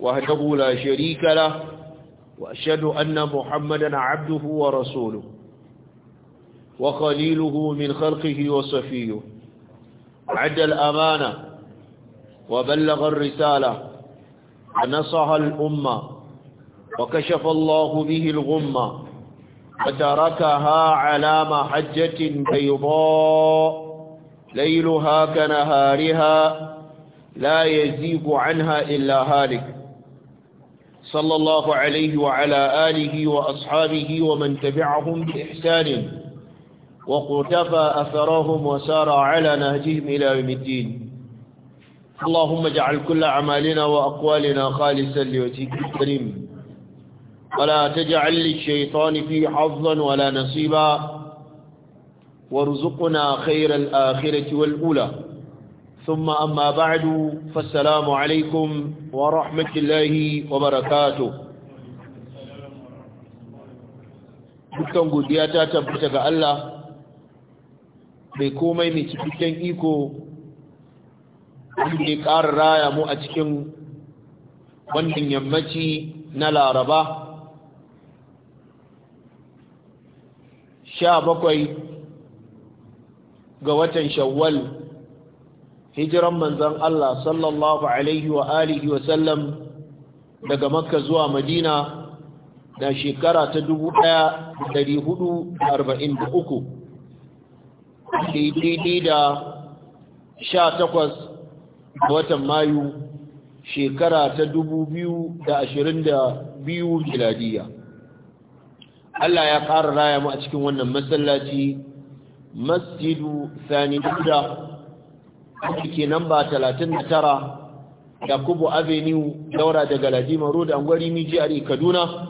وحده لا شريك له وأشهد أن محمدا عبده ورسوله وخليله من خلقه وصفيه عد الأمانة وبلغ الرسالة ونصح الأمة وكشف الله به الغمة وتركها على محجة بيضاء ليلها كنهارها لا يزيب عنها إلا هالك صلى الله عليه وعلى آله وأصحابه ومن تبعهم بإحسان وقتفى أثرهم وسار على نهجهم إلى يوم الدين اللهم اجعل كل أعمالنا وأقوالنا خالصا لوجهك الكريم ولا تجعل للشيطان في حظا ولا نصيبا وارزقنا خير الآخرة والأولى ثم أما بعد فالسلام عليكم ورحمة الله وبركاته dukkan godiya ta tabbata ga Allah bai komai mai cikakken iko wanda ya ƙara raya mu a cikin wannan yammaci na laraba sha bakwai ga watan shawwal hijiran manzan Allah sallallahu alaihi wa alihi wa sallam daga makka zuwa madina da shekara ta 1443 daidai da 18 watan mayu shekara ta 2022 miladiya Allah ya ƙara raya mu a cikin wannan masallaci masjidu sani duda wanda talatin namba 39 yakubu avenue daura daga ladima road angwari mijiyar kaduna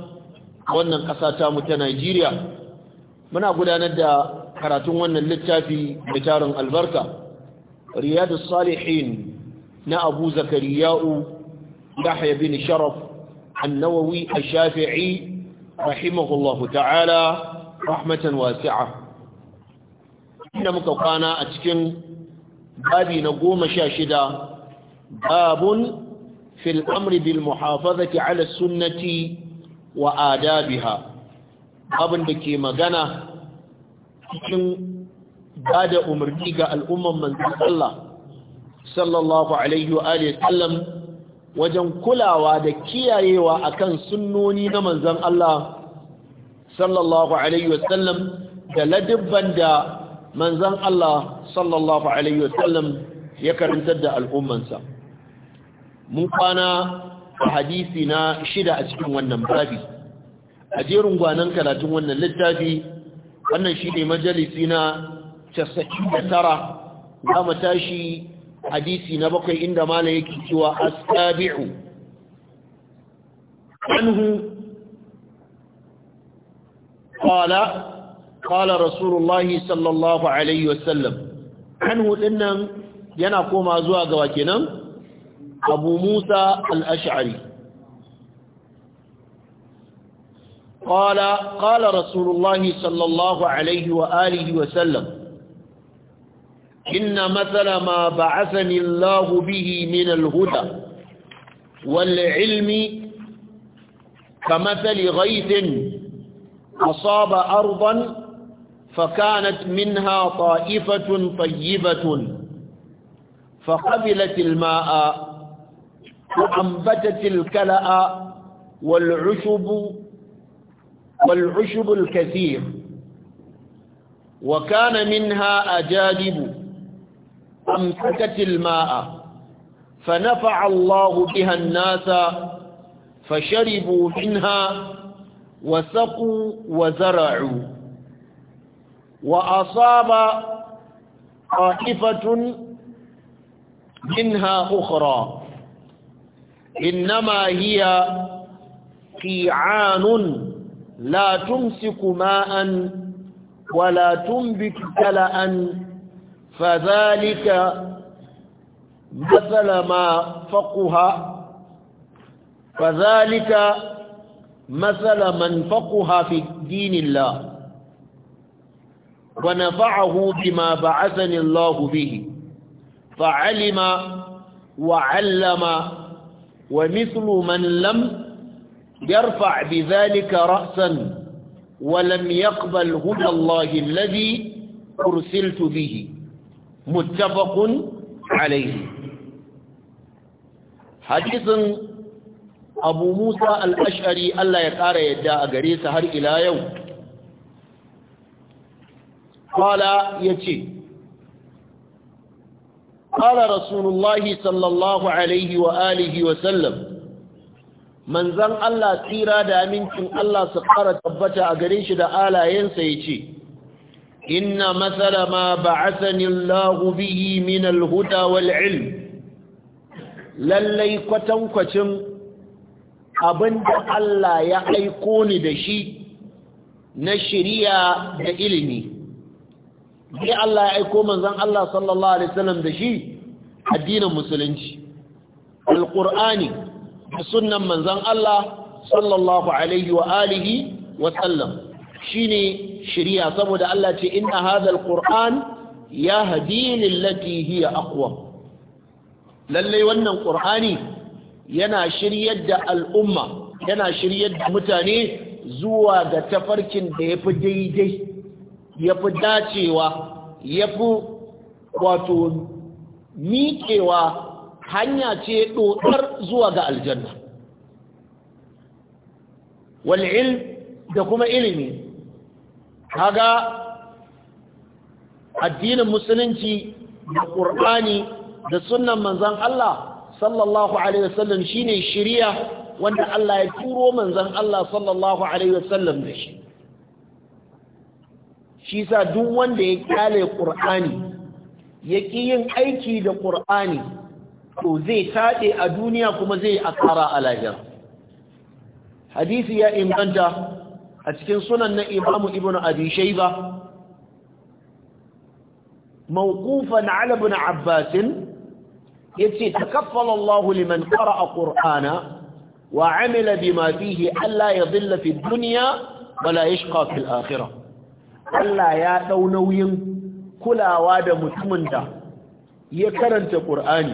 wannan ƙasa mu ta nigeria muna gudanar da karatun wannan littafi da tarin albarka riyadu salihin na abu zakariya'u yahya bin sharaf annawawi ash-shafi'i rahimahullahu ta'ala rahmatan wasi'a inda muka kwana a cikin babi na goma sha shida babun fil amri bil muhafazati ala sunnati wa adabiha babin da ke magana cikin bada umarni ga al'umman Allah sallallahu alaihi wa sallam wajen kulawa da kiyayewa akan sunnoni na manzan Allah sallallahu alaihi wa sallam da ladibban da manzan Allah sallallahu alaihi wasallam ya karantar da al'ummansa mun kwana a hadisi na shida a cikin wannan babi a jerin gwanan karatun wannan littafi wannan shi ne majalisi na tara za mu tashi hadisi na bakwai inda mala yake cewa astabi'u anhu kwana. قال رسول الله صلى الله عليه وسلم عنه إنن yana koma zuwa gawa kenan abu musa al'ash'ari ƙala ƙala rasulullahi sallallahu alaihi wa alihi wa sallam inna matsala ma ba'asani allahu bihi min alhuda والعلم كمثل غيث أصاب أرضا فكانت منها طائفة طيبة فقبلت الماء وأنبتت الكلأ والعشب والعشب الكثير وكان منها أجادب أمسكت الماء فنفع الله بها الناس فشربوا منها وسقوا وزرعوا وأصاب طائفة منها أخرى إنما هي قيعان لا تمسك ماء ولا تنبت كلأ فذلك مثل ما فقها فذلك مثل من فقها في دين الله ونفعه بما بعثني الله به فعلم وعلم ومثل من لم يرفع بذلك رأسا ولم يقبل هدى الله الذي أرسلت به متفق عليه حديث أبو موسى الأشعري ألا يقار يدعى قريسة هر إلى يوم qala yace qala rasulullahi sallallahu alaihi wa alihi wa sallam manzan Allah tsira da amincin Allah su ƙara tabbata a garin shi da alayensa ya ce, Inna matsala ma ba'asanin lagubihi min alhuda wal ilm, lallai kwatankwacin abin da Allah ya aiko ni da shi na shirya da ilimi, ne Allah ya aiko manzon Allah sallallahu alaihi wasallam da shi addinin musulunci alqur'ani da sunnan manzon Allah sallallahu alaihi wa alihi wa sallam shine shari'a saboda Allah ce inna hadha alqur'an yahdi lillati hiya aqwa lalle wannan qur'ani yana shiryar da al'umma yana shiryar da mutane zuwa ga tafarkin da yafi daidai ya fi dacewa yafi wato miƙewa hanya ce ɗoɗar zuwa ga aljanna wal'il da kuma ilimi kaga addinin musulunci da ƙur'ani da sunan manzan Allah sallallahu Alaihi wasallam shi ne shirya wanda Allah ya turo manzan Allah sallallahu Alaihi wasallam da shi shi sa duk wanda ya kyale ƙur'ani ya ƙi yin aiki da ƙur'ani to zai taɗe a duniya kuma zai a a lahira hadisi ya inganta a cikin sunan na imamu ibn abi shayba alabin abbasin ya ce yace takaffala Allah liman a ƙur'ana wa amila bima Allah ya yadhilla fi duniya wa ya yashqa fil akhirah Allah ya ɗau nauyin kulawa da mutumin da ya karanta ƙur'ani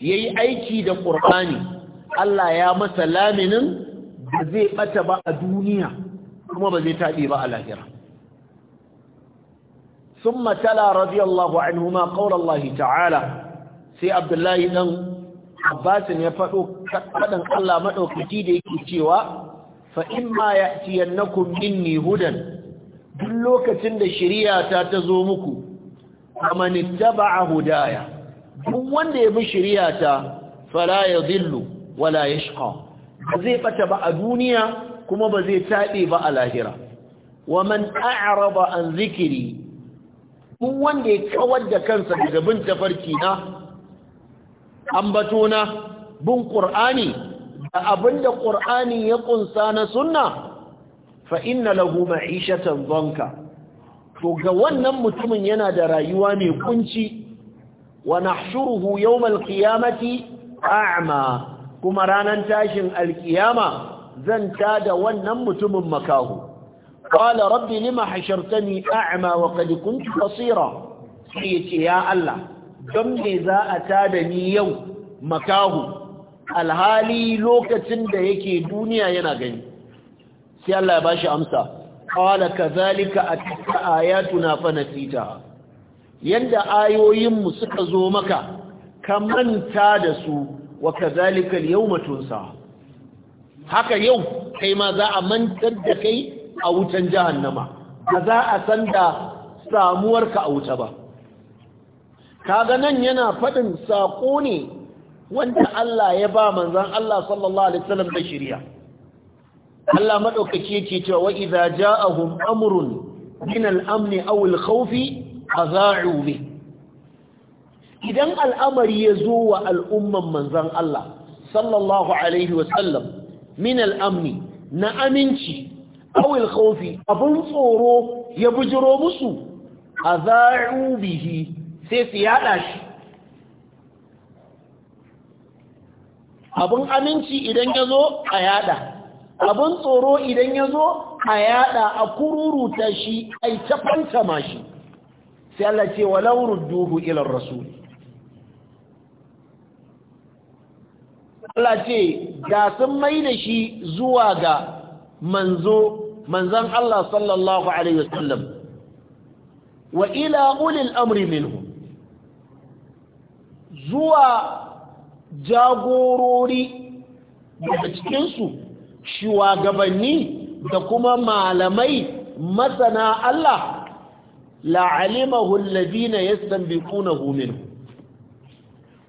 ya yi aiki da ƙur'ani Allah ya masa laminin da zai ɓata ba a duniya kuma ba zai taɗe ba a lahira sun matala radiyallahu anhuma ƙaunar ta'ala sai abdullahi ɗan abbasin ya faɗo kaɗan Allah maɗaukaki da yake cewa fa'in ma ya ciyan na kummin hudan duk lokacin da shari'a ta ta zo muku aman a hudaya duk wanda ya bi shari'a ta fala yadhillu wala yashqa zai bata ba a duniya kuma ba zai tade ba a lahira wa man a'rada an zikri duk wanda ya kawar da kansa daga bin tafarki na ambato na bin qur'ani da abinda qur'ani ya kunsa na sunna fa inna lahu ma'ishatan dhanka to ga wannan mutumin yana da rayuwa mai kunci wa nahshuruhu yawm al a'ma kuma ranan tashin al-qiyama zan tada wannan mutumin makahu qala rabbi lima hashartani a'ma wa qad kuntu basira yace ya Allah don me za a tada ni yau makahu alhali lokacin da yake duniya yana gani sai Allah ya bashi amsa qala kadhalika atika ayatuna fa nasita yanda ayoyin mu suka zo maka ka manta da su wa kadhalika al-yawma tunsa haka yau kai ma za a mantar da kai a wutan jahannama ba za a san da samuwarka a wuta ba kaga nan yana faɗin saƙo ne wanda Allah ya ba manzan Allah sallallahu Alaihi wasallam da shirya Allah madaukaki yake cewa wa idza ja'ahum amrun min al-amn aw al-khawf aza'u bi idan al'amari ya zo wa al'umman manzon Allah sallallahu alaihi wa sallam min al-amn na aminci aw al-khawf abun tsoro ya bujiro musu aza'u bihi sai su yada shi abun aminci idan ya zo a yada abin tsoro idan ya zo a yada a kururuta shi a yi ma shi sai Allah ce walau rudduhu ilar rasuli Allah ce da sun mai da shi zuwa ga manzo manzan Allah sallallahu Alaihi wasallam wa ila ulil amri minhu zuwa jagorori daga cikinsu shugabanni da kuma malamai masana Allah la'alimahu alladhina yastanbiqunahu minhu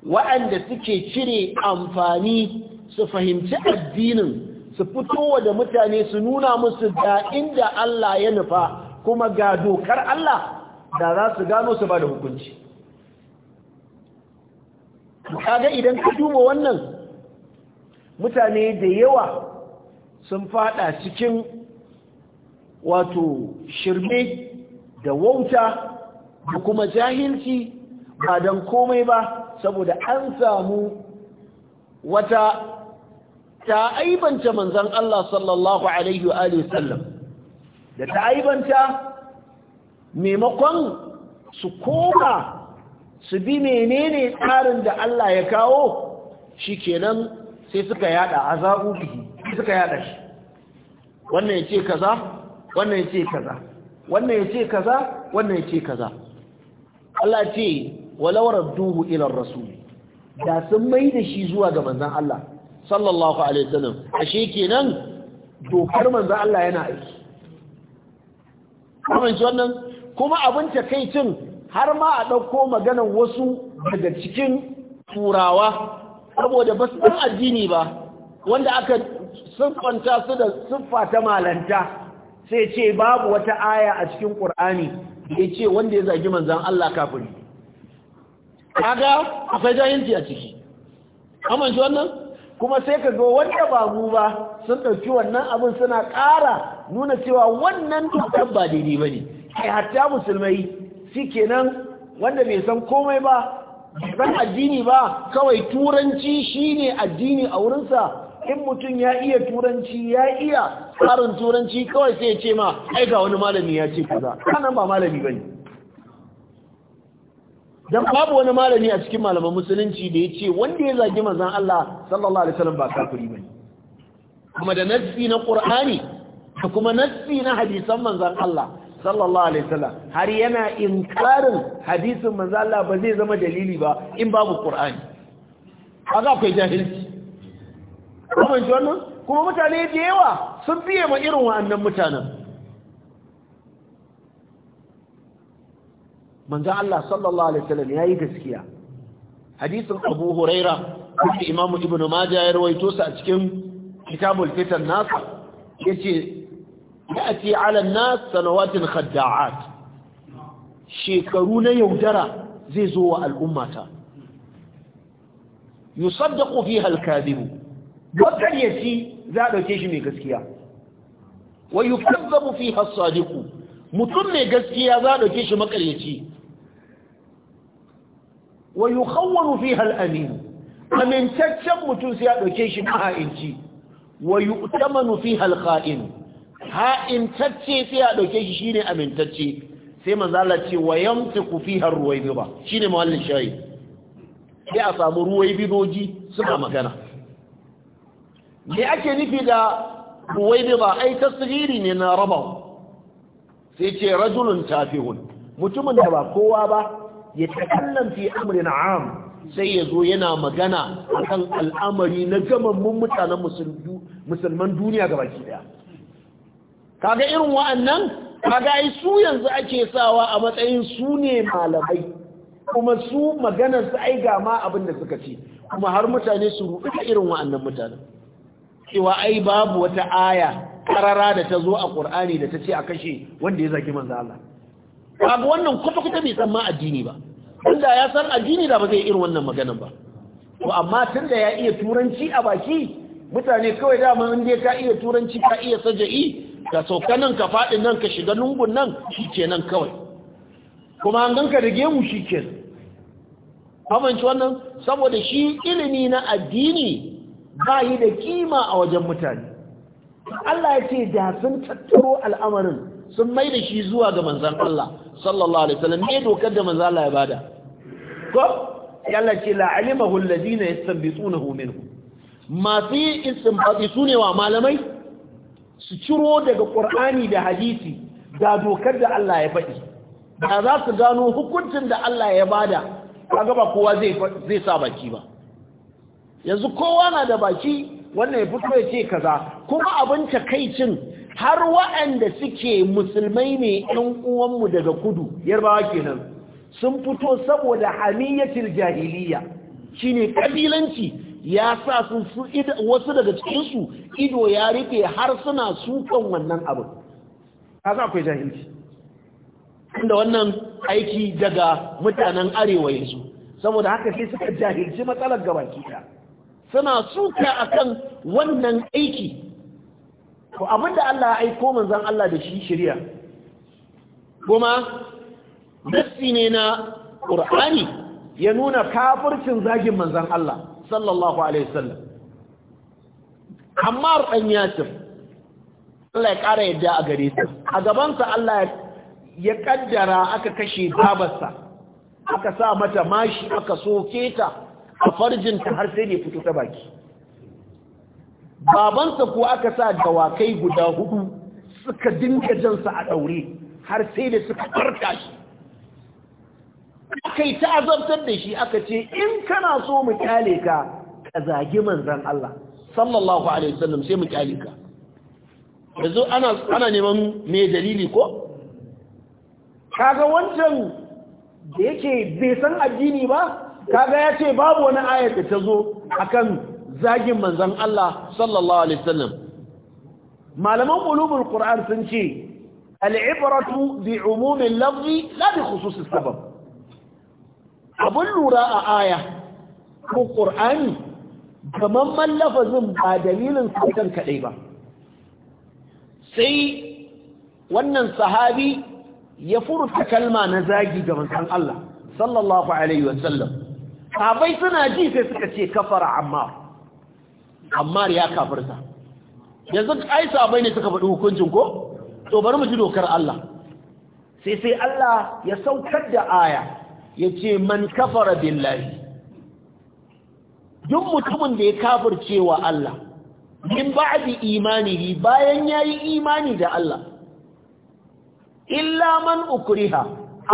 wa'anda suke cire amfani su fahimci addinin su fitowa da mutane su nuna musu ga inda Allah ya nufa kuma ga dokar Allah da za su gano su ba da hukunci kaga idan ka duba wannan mutane da yawa sun fada cikin wato shirme da wauta da kuma jahilci ba don komai ba saboda an samu wata ta aibanta manzan Allah sallallahu Alaihi wa da ta aibanta maimakon su koma su bi menene tsarin da Allah ya kawo shi kenan sai suka yada suka yada shi wannan ya ce kaza wannan ya ce kaza wannan ya ce kaza wannan ya ce kaza Allah ce walau radduhu ila rasul da sun mai da shi zuwa ga manzon Allah sallallahu alaihi wasallam ashe kenan dokar manzon Allah yana aiki kuma ji wannan kuma abin ta takeicin har ma a dauko maganar wasu daga cikin turawa saboda ba su addini ba wanda aka siffanta su da siffa ta malanta sai ce babu wata aya a cikin ƙur'ani ya ce wanda ya zagi manzan Allah kafin kaga akwai jahilci a ciki amince wannan kuma sai ka ga wanda ba mu ba sun ɗauki wannan abin suna ƙara nuna cewa wannan dukkan ba daidai ba ne kai hatta musulmai shi kenan wanda bai san komai ba ban addini ba kawai turanci shine addini a wurinsa in mutum ya iya turanci ya iya tsarin turanci kawai sai ya ce ma ai ga wani malami ya ce kaza kanan ba malami bane dan babu wani malami a cikin malaman musulunci da ya ce wanda ya zagi manzon Allah sallallahu alaihi wasallam ba kafiri bane kuma da nassi na Qur'ani da kuma nassi na hadisan manzon Allah sallallahu alaihi wasallam har yana inkarin hadisin manzon Allah ba zai zama dalili ba in babu Qur'ani kaga kai jahilci kuma ji wannan kuma mutane da yawa sun biye ma irin wa'annan mutanen manzan Allah sallallahu alaihi wasallam yayi gaskiya hadisin Abu Huraira kuma Imam Ibn Majah ya rawaito sa a cikin Kitabul Fitan nasa yace ya'ti 'ala an-nas sanawatin khadda'at shekaru na yaudara zai zo wa al'ummata yusaddaqu fiha al-kadhibu makaryaci za a ɗauke shi mai gaskiya wa yi kazzabu fi hassadiku mutum mai gaskiya za a ɗauke shi makaryaci wa yi kawwanu fi hal'aminu amintaccen mutum sai a ɗauke shi maha'inci wa yi utamanu fi hal'a'inu ha'intacce sai a ɗauke shi shine amintacce sai manzala ce wa yamta ku fi har ruwai biba shine mawallin shayi sai a samu ruwai bidoji suna magana me ake nufi da ba ai tasghiri ne na rabau sai ce rajulun tafihun mutumin da ba kowa ba ya takallam fi amrin am sai ya zo yana magana akan al'amari na gamammun mutanen musulman duniya gaba ki daya kaga irin wa'annan kaga ai su yanzu ake sawa a matsayin su ne malamai kuma su maganar su ai ga ma abin da suka ce kuma har mutane su rubuta irin wa'annan mutanen cewa ai babu wata aya karara da ta zo a Qur'ani da ta ce a kashe wanda ya zagi manzo Allah kaga wannan kwata kwata bai san ma addini ba inda ya san addini da ba zai irin wannan magana ba to amma tunda ya iya turanci a baki mutane kawai dama in dai ka iya turanci ka iya saja'i ka sauka nan ka faɗi nan ka shiga lungun nan nan kawai kuma an ganka da gemu shikenan amince wannan saboda shi ilimi na addini ba yi da kima a wajen mutane Allah ya ce da sun tattaro al'amarin sun mai da shi zuwa ga manzan Allah sallallahu alaihi wasallam me dokar da manzan Allah ya bada ko yalla ce la alimahu alladhina yastanbitunahu minhu masu yin istinbati sune wa malamai su ciro daga qur'ani da hadisi da dokar da Allah ya faɗi ba za su gano hukuncin da Allah ya bada kaga ba kowa zai zai sa baki ba yanzu kowa na da baki wannan ya fito ya ce kaza kuma abin takaicin har waɗanda suke musulmai ne ɗan uwanmu daga kudu yarbawa kenan sun fito saboda hamiyatul jahiliya shine kabilanci ya sa sun su wasu daga cikin su ido ya rufe har suna sukan wannan abin za akwai jahilci inda wannan aiki daga mutanen arewa yanzu saboda haka sai suka jahilci matsalar gabaki ɗaya suna suka akan wannan aiki abin abinda Allah ya aiko manzan Allah da shi shirya. kuma nassi ne na ƙur'ani ya nuna kafircin zagin manzan Allah sallallahu alaihi wasallam Amma dan Yasir Allah ya ƙara yadda a gare su a gabansa Allah ya ƙaddara aka kashe babarsa aka sa mata mashi aka soke ta a ta har sai da fito ta baki babansa ko aka sa dawakai guda hudu suka dinga sa a daure har sai da suka farka shi kai ta azabtar da shi aka ce in kana so mu kyale ka ka zagi manzan Allah sallallahu alaihi wasallam sai mu kyale ka yanzu ana ana neman me dalili ko kaga wancan da yake bai san addini ba kaga ya ce babu wani ayat da ta zo akan zagin manzon Allah sallallahu alaihi wasallam malaman ulumul qur'an sun ce al'ibratu bi umumin lafzi la bi khususis sabab abun lura a aya ko qur'ani gamamman lafazin ba dalilin saukan kaɗai ba sai wannan sahabi ya furta kalma na zagi ga manzan Allah sallallahu alaihi wasallam sabai suna ji sai suka ce kafara ammar ammar ya kafirta yanzu ai sabai ne suka faɗi hukuncin ko to bari mu ji dokar Allah sai sai Allah ya saukar da aya ya ce man kafara billahi duk mutumin da ya kafirce wa Allah min ba'di imanihi bayan yayi imani da Allah illa man ukriha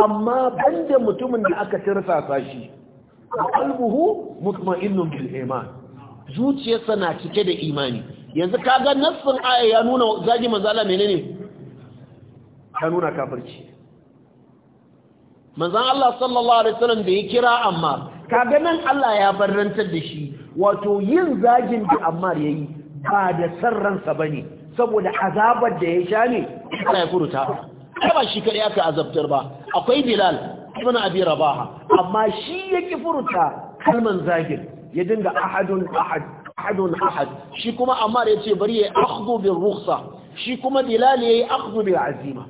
amma banda mutumin da aka tirsasa shi qalbuhu mutma'innun bil iman zuciyarsa na cike da imani yanzu kaga nassin aya ya nuna zagi manzo Allah menene ka nuna kafirci manzon Allah sallallahu alaihi wasallam da ya kira amma kaga nan Allah ya barrantar da shi wato yin zagin da Ammar yayi ba da sarransa bane saboda azabar da ya sha ne Allah ya furuta ba shi kadai aka azabtar ba akwai Bilal ibn abi rabaha amma shi yake furta kalman zagin ya dinga ahadun ahad ahadun ahad shi kuma ammar yace bari ya akhdhu bil rukhsa shi kuma bilal yayi akhdhu bil azima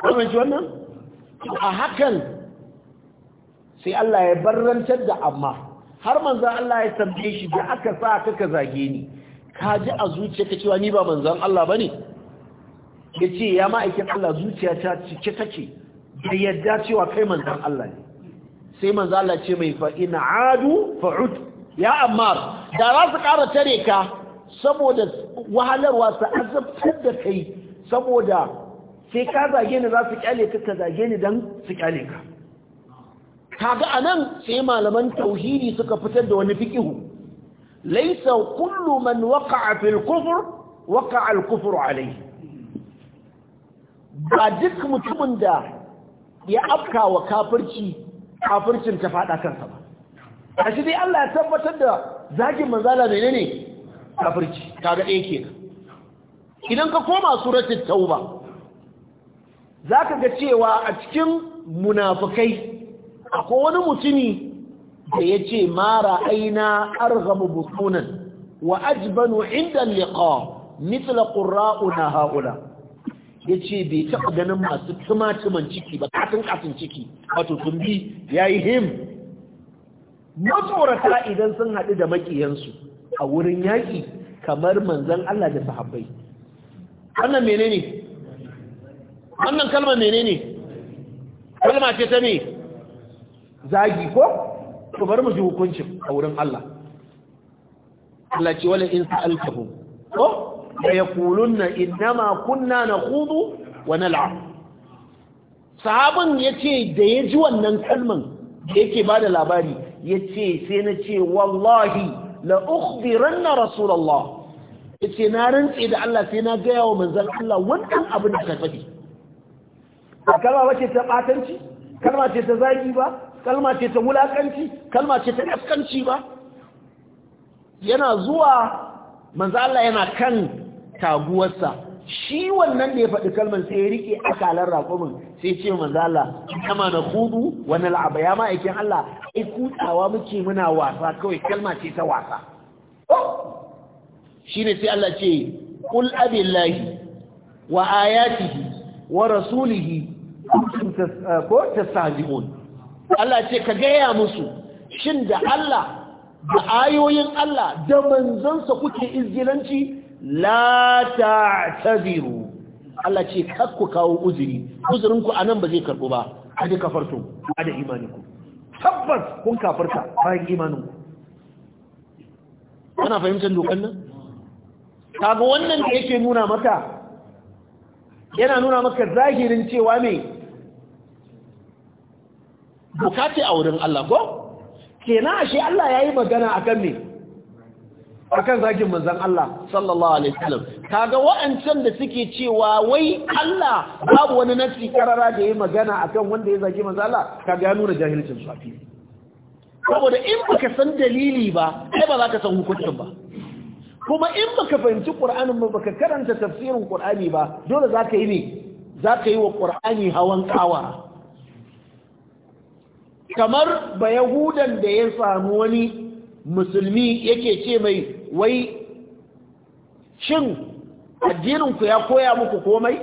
kuma ji wannan a hakan sai Allah ya barrantar da amma har manzo Allah ya tambaye shi da aka sa kaka zage ni ka ji a zuciyarka cewa ni ba manzon Allah bane yace ya ma'aikin Allah zuciyata cike take da yadda cewa kai manzan Allah ne sai manzan Allah ce mai fa in adu fa'ud ya ammar da za su ƙara tare ka saboda wahalarwa su azabtar da kai saboda sai ka zage ni za su kyale ka ka zage ni dan su kyale ka kaga anan sai malaman tauhidi suka fitar da wani fikihu laysa kullu man waqa'a fil kufr waqa'a al kufru alayhi ba duk mutumin da ya afka wa kafirci kafircin ta faɗa kansa ba a shi dai Allah ya tabbatar da zagin manzala mai ne kafirci kaga ɗaya ke idan ka koma suratun tauba za ka ga cewa a cikin munafukai akwai wani mutumi da ya ce mara aina argamu bukunan wa ajibanu inda liqa mitla ƙura'una haula ya ce bai taɓa ganin masu tumatuman ciki ba katin katin ciki wato bi. ya yi him matsorata idan sun haɗu da maƙiyansu a wurin yaƙi kamar manzan Allah da sahabbai wannan menene wannan kalmar menene kalma ce ta ne zagi ko to bar mu ji hukuncin a wurin Allah Allah ce wala in sa'altahum ko ويقولن na كنا نخوض ونلعب sahaban yace da ya ji wannan kalman da yake bada labari yace sai na ce wallahi la ukhbiranna rasulullah yace na rantsi da Allah sai na ga yawo manzon Allah wannan abin da ka fadi kalma wace ta batanci kalma ce ta zagi ba kalma ce ta wulakanci kalma ce ta afkanci ba yana zuwa manzon Allah yana kan taguwarsa shi wannan da ya faɗi kalmar sai ya rike akalar raƙumin sai ce manzo Allah kama na khudu wani la'aba ya ma aikin Allah ai kutawa muke muna wasa kawai kalma ce ta wasa oh! ne sai Allah ce kul abillahi wa ayatihi wa rasulihi eh, ko ta tastahzi'un Allah ce ka gaya musu shin da Allah da ayoyin Allah da manzansa kuke izgilanci la ta'tabiru Allah ce kakku ku kawo uzuri uzurin ku anan ba zai karbo ba kada kafarto kada imaninku tabbas kun kafarta bayan imaninku Kana fahimtar dokan nan kaga wannan da yake nuna maka yana nuna maka zahirin cewa me bukati a wurin Allah ko kenan ashe Allah yayi magana akan me akan zakin manzon Allah sallallahu alaihi wasallam kaga wa'ancan da suke cewa wai Allah babu wani nafsi karara da ya magana akan wanda ya zaki manzon Allah kaga ya nuna jahilcin su saboda in baka san dalili ba sai ba za ka san hukuncin ba kuma in baka fahimci ƙur'anin ba baka karanta tafsirin Kur'ani ba dole za ka yi ne za ka yi wa ƙur'ani hawan kawa kamar ba yahudan da ya samu wani musulmi yake ce mai wai shin addininku ya koya muku komai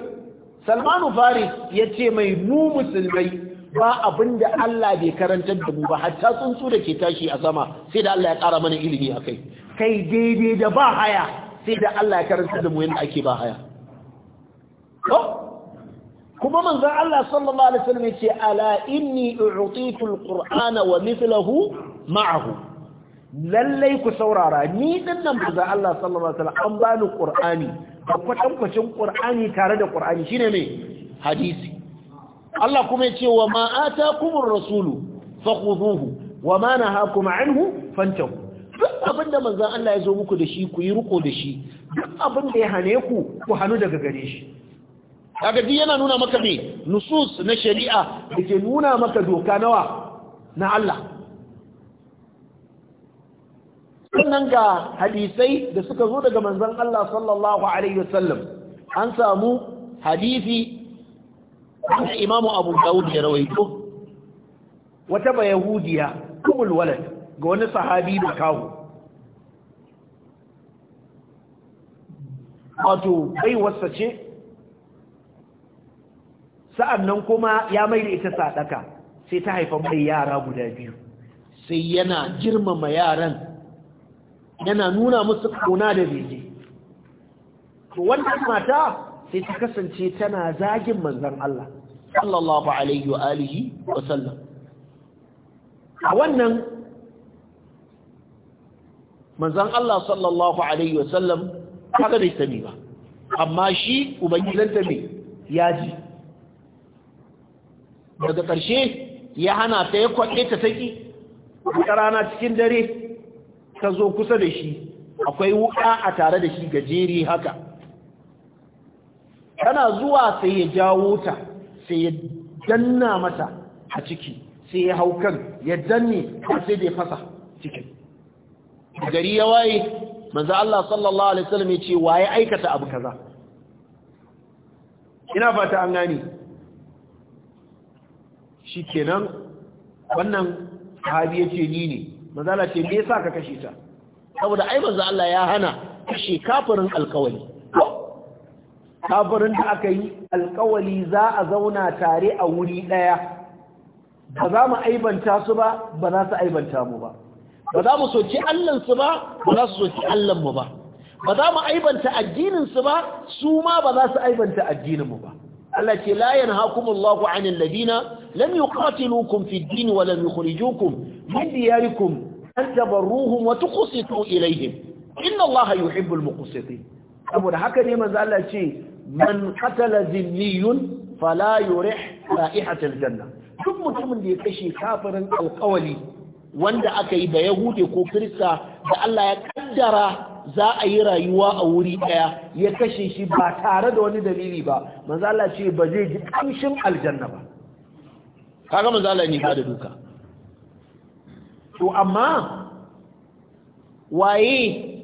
salmanu faris ya ce mai mu musulmai ba abin da Allah bai karantar da mu ba hatta tsuntsu da ke tashi a sama sai da Allah ya ƙara mana ilimi a kai kai daidai da ba haya sai da Allah ya karantar da mu yadda ake ba haya kuma manzan Allah sallallahu alaihi wasallam ya ce ala inni u'titu alqur'ana wa mithluhu ma'ahu lallai ku saurara ni din nan manzo Allah sallallahu alaihi wasallam an bani qur'ani kwatankwacin qur'ani tare da qur'ani shine ne hadisi Allah kuma ya ce wa ma atakumur rasulu fakhuduhu wa ma nahakum anhu fantahu duk abinda manzo Allah ya zo muku da shi ku yi riko da shi duk abinda ya hane ku ku hanu daga gare shi kaga yana nuna maka ne nusus na shari'a dake nuna maka doka nawa na Allah sannan ga hadisai da suka zo daga manzon Allah sallallahu alaihi wasallam an samu hadisi da Imam Abu Dawud ya rawaito wata bayahudiya kumul walad ga wani sahabi da kawo wato bai wasa ce sa'annan kuma ya mai da ita sadaka sai ta haifa mai yara guda biyu sai yana girmama yaran yana nuna musu kuna da bege to wannan mata sai ta kasance tana zagin manzon Allah sallallahu alaihi wa alihi wa sallam a wannan manzon Allah sallallahu alaihi wa sallam kaga bai sani ba amma shi ubangijinta ne ya ji daga ƙarshe ya hana ta ya kwaɗe ta saki a rana cikin dare ka zo kusa da shi akwai wuka a tare da shi gajeri haka tana zuwa sai ya jawo ta sai ya danna mata a ciki sai ya hau kan ya danne sai da ya fasa cikin gari ya waye manzo Allah sallallahu alaihi wasallam ya ce waye aikata abu kaza ina fata an gani shikenan wannan sahabi yace ni ne manzala ce me yasa ka kashe ta saboda ai manzo Allah ya hana kashe kafirin alkawali kafirin da aka yi alkawali za a zauna tare a wuri daya ba za mu aibanta su ba ba za su aibanta mu ba ba za mu soci Allah su ba ba za su soci Allah mu ba ba za mu aibanta addinin su ba su ma ba za su aibanta addinin mu ba Allah ce la yanhaakumullahu 'anil ladina lam yuqatilukum fid din wa lam yukhrijukum min diyarikum an tabarruhum wa tuqsitu ilaihim inna allaha yuhibbul muqsitin saboda haka ne manzo Allah ce man qatala zimmiyun fala yurih raihatal janna duk mutumin da ya kashe kafirin alƙawali wanda aka yi ya hude ko kirista da Allah ya kaddara za a yi rayuwa a wuri ɗaya ya kashe shi ba tare da wani dalili ba manzo ba zai ji kamshin aljanna ba kaga manzo Allah da duka to amma waye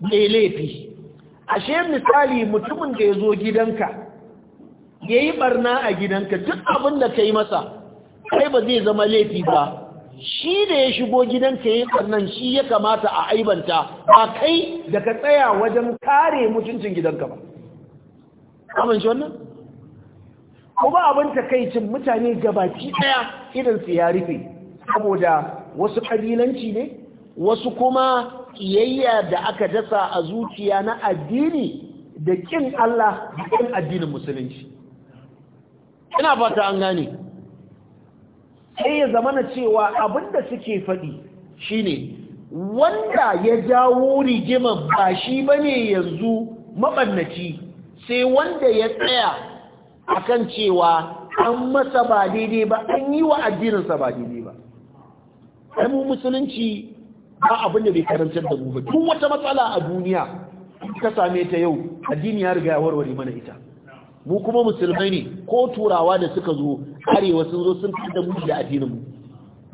mai laifi ashe misali mutumin da ya zo gidanka ya yi barna a gidanka duk abin da ka yi masa kai ba zai zama laifi ba shi da ya shigo gidanka ya yi barnan shi ya kamata a aibanta ba kai da ka tsaya wajen kare mutuncin gidanka ba shi wannan? kuma abin takaicin mutane gabaki daya idan su ya rufe saboda wasu kabilanci ne wasu kuma kiyayya da aka dasa a zuciya na addini da kin Allah da kin addinin musulunci ina fata an gane sai ya zamana cewa abinda suke faɗi shine wanda ya jawo rigima ba shi bane yanzu mabannaci sai wanda ya tsaya akan cewa an masa ba daidai ba an yi wa addininsa ba daidai ai mu musulunci ba abin da bai karantar da mu ba duk wata matsala a duniya ka same ta yau addini ya riga ya warware mana ita mu kuma musulmai ne ko turawa da suka zo arewa sun zo sun kada mu da addinin mu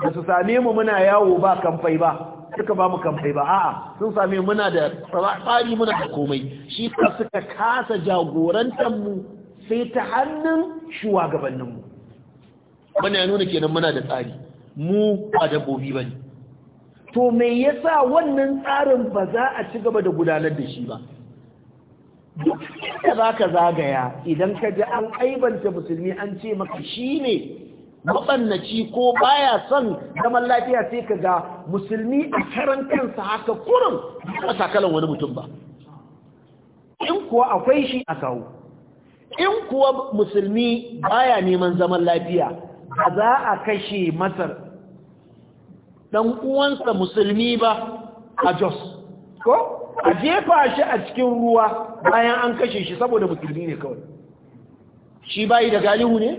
ba su same mu muna yawo ba kamfai ba suka ba mu kamfai ba a'a sun same muna da tsari muna da komai shi ka suka kasa jagorantar mu sai ta hannun shugabannin mu ya nuna kenan muna da tsari mu a dabbobi ba ne to me yasa wannan tsarin ba za a ci gaba da gudanar da shi ba duk da za ka zagaya idan ka ji an aibanta musulmi an ce maka shi ne matsannaci ko baya son zaman lafiya sai ka ga musulmi a karan kansa haka kurin ba sakalan wani mutum ba in kuwa akwai shi a kawo in kuwa musulmi baya neman zaman lafiya ba za a kashe masar dan uwansa musulmi ba a Jos ko a jefa shi a cikin ruwa bayan an kashe shi saboda musulmi ne kawai shi bayi da galihu ne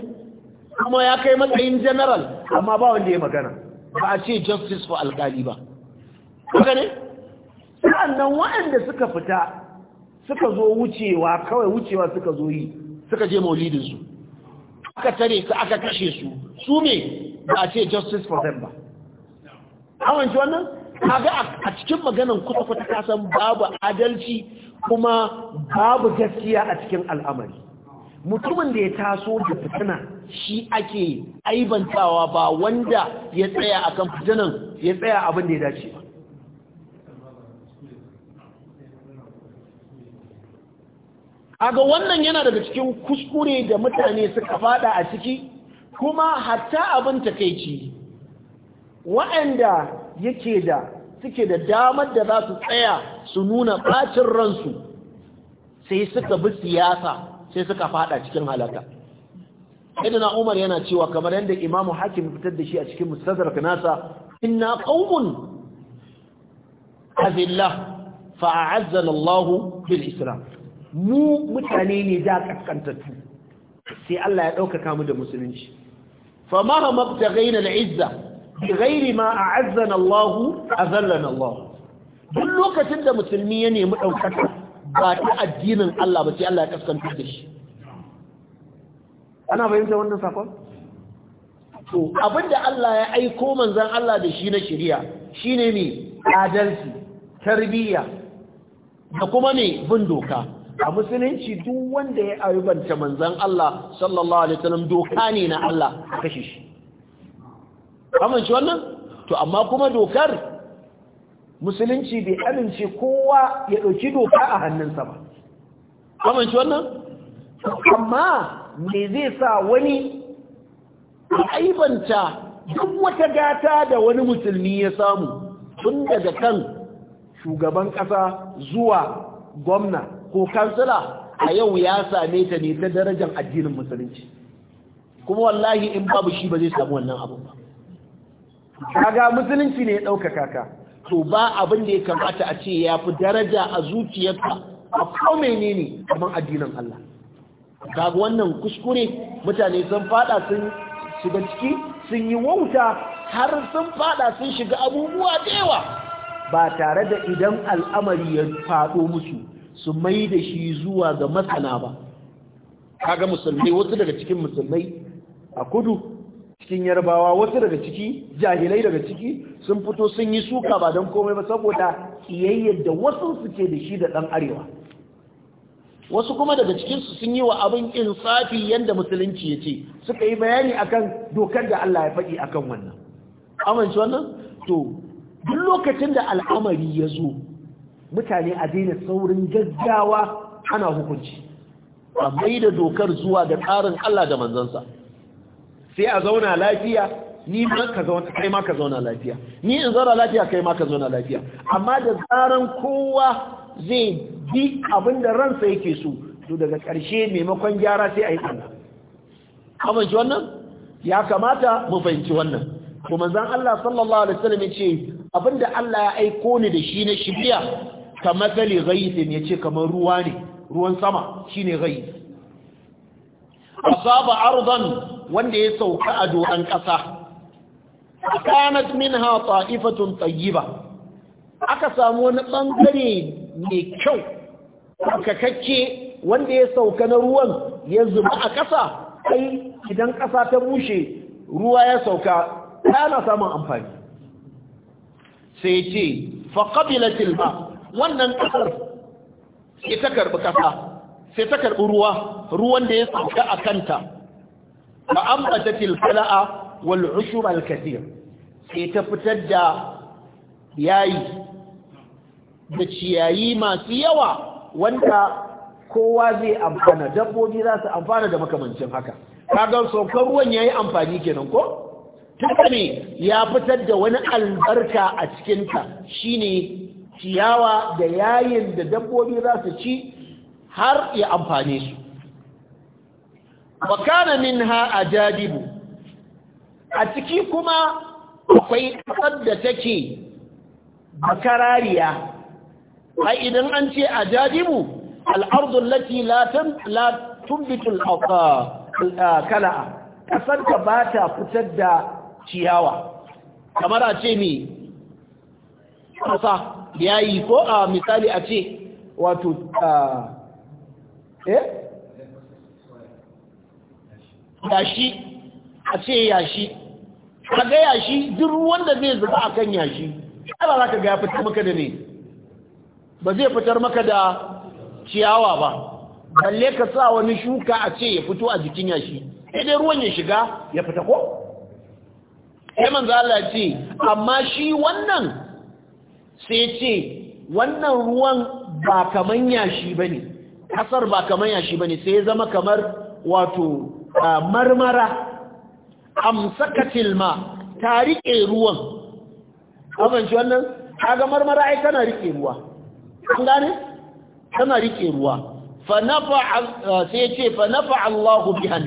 kuma ya kai matsayin general amma ba wanda ya magana ba a ce justice for alkali ba kuka ne sa'annan waɗanda suka fita suka zo wucewa kawai wucewa suka zo yi suka je maulidinsu aka tare su aka kashe su su ne ba a ce justice for them ba ji wannan kaga a cikin maganan kwata-kwata kasan babu adalci kuma babu gaskiya a cikin al'amari mutumin da ya taso da fitina shi ake aibantawa ba wanda ya tsaya akan fitinan ya tsaya abin da ya dace ba aga wannan yana daga cikin kuskure da mutane suka fada a ciki kuma hatta abin takeici waɗanda yake da suke da damar da za su tsaya su nuna ɓacin ransu sai suka bi siyasa sai suka fada cikin halaka idina umar yana cewa kamar yadda imamu hakim fitar da shi a cikin mustadrak nasa inna qaumun azillah fa'azzana Allah bil islam mu mutane ne da kaskantattu sai Allah ya ɗaukaka mu da musulunci fa mahama btaghaina al izza bi ghairi ma a'azzana Allah azallana Allah duk lokacin da musulmi ya nemi daukaka ba ta addinin Allah ba sai Allah ya kaskanta da shi ana bayyana wannan sakon to abinda Allah ya aiko manzon Allah da shi na shari'a shine ne adalci tarbiyya da kuma ne bin doka a musulunci duk wanda ya ayyubanta manzon Allah sallallahu alaihi wasallam doka ne na Allah kashe shi amince wannan to amma kuma dokar musulunci bai amince kowa ya ɗauki doka a hannunsa ba amince wannan amma me zai sa wani aibanta duk wata gata da wani musulmi ya samu tun daga kan shugaban ƙasa zuwa gwamna ko kansila a yau ya same ta ne ta darajar addinin musulunci kuma wallahi in babu shi ba zai samu wannan abu ba kaga musulunci ne ya ɗaukaka ka to ba abin da ya kamata a ce ya fi daraja a zuciyarka a ne ne kamar addinin Allah kaga wannan kuskure mutane sun fada sun shiga ciki sun yi wauta har sun fada sun shiga abubuwa da yawa ba tare da idan al'amari ya faɗo musu su mai da shi zuwa ga masana ba kaga musulmai wasu daga cikin musulmai a kudu cikin yarbawa wasu daga ciki jahilai daga ciki sun fito sun yi suka ba don komai ba saboda kiyayyar da wasu suke da shi da ɗan arewa wasu kuma daga cikinsu sun yi wa abin safi yadda musulunci ya ce suka yi bayani akan dokar da Allah ya faɗi akan wannan amince wannan to duk lokacin da al'amari ya zo mutane a daina saurin gaggawa ana hukunci a da dokar zuwa ga tsarin Allah da manzansa sai a zauna lafiya ni ma ka zauna kai ma ka zauna lafiya ni in zauna lafiya kai ma ka zauna lafiya amma da zaran kowa zai bi abin da ransa yake so to daga ƙarshe maimakon gyara sai a yi kamar amince wannan ya kamata mu fahimci wannan to manzon Allah sallallahu alaihi wasallam yace abinda Allah ya aiko ni da shi na shiriya kamar gali ghaythin yace kamar ruwa ne ruwan sama shine rai. asaba arzan wanda ya sauka a doron ƙasa kanat minha ta'ifatun ba. aka samu wani ɓangare mai kyau kakakke wanda ya sauka na ruwan ya zuba a ƙasa kai idan ƙasa ta bushe ruwa ya sauka ɗana samun amfani sai ce faqabilatil tilba wannan ƙasar ita karɓi ƙasa sai ta karɓi ruwa ruwan da ya sauka a kanta ba ambatatil kala'a wal al sai ta fitar da yayi da ciyayi masu yawa wanda kowa zai amfana dabbobi za su amfana da makamancin haka ga saukar ruwan ya yi amfani kenan ko tuka ne ya fitar da wani albarka a cikinta shine ciyawa da yayin da dabbobi za su ci har ya amfane su wakana min ha a jadibu a ciki kuma akwai ƙasar da take makarariya. ai idan an ce a jadibu al'ardun lati latumbitul kala'a ƙasar ka ba ta fitar da ciyawa kamar a ce ne ƙasa yayi ko a misali a ce wato Eh? yashi a ce yashi A ga yashi duk ruwan da zai zuba a kan yashi ƙara za ka ga ya fitar maka da ne ba zai fitar maka da ciyawa ba balle ka sa wani shuka a ce ya fito a jikin yashi sai ruwan ya shiga ya fita ko ya manzo ce amma shi wannan sai ce wannan ruwan ba kaman yashi ba ne. hasar ba kamar yashi ne sai ya zama kamar wato marmara amsakatil ma ta riƙe ruwan kamanci wannan ga marmara ai tana riƙe ruwa an gane tana riƙe ruwa sai ce fa nafa Allahu biha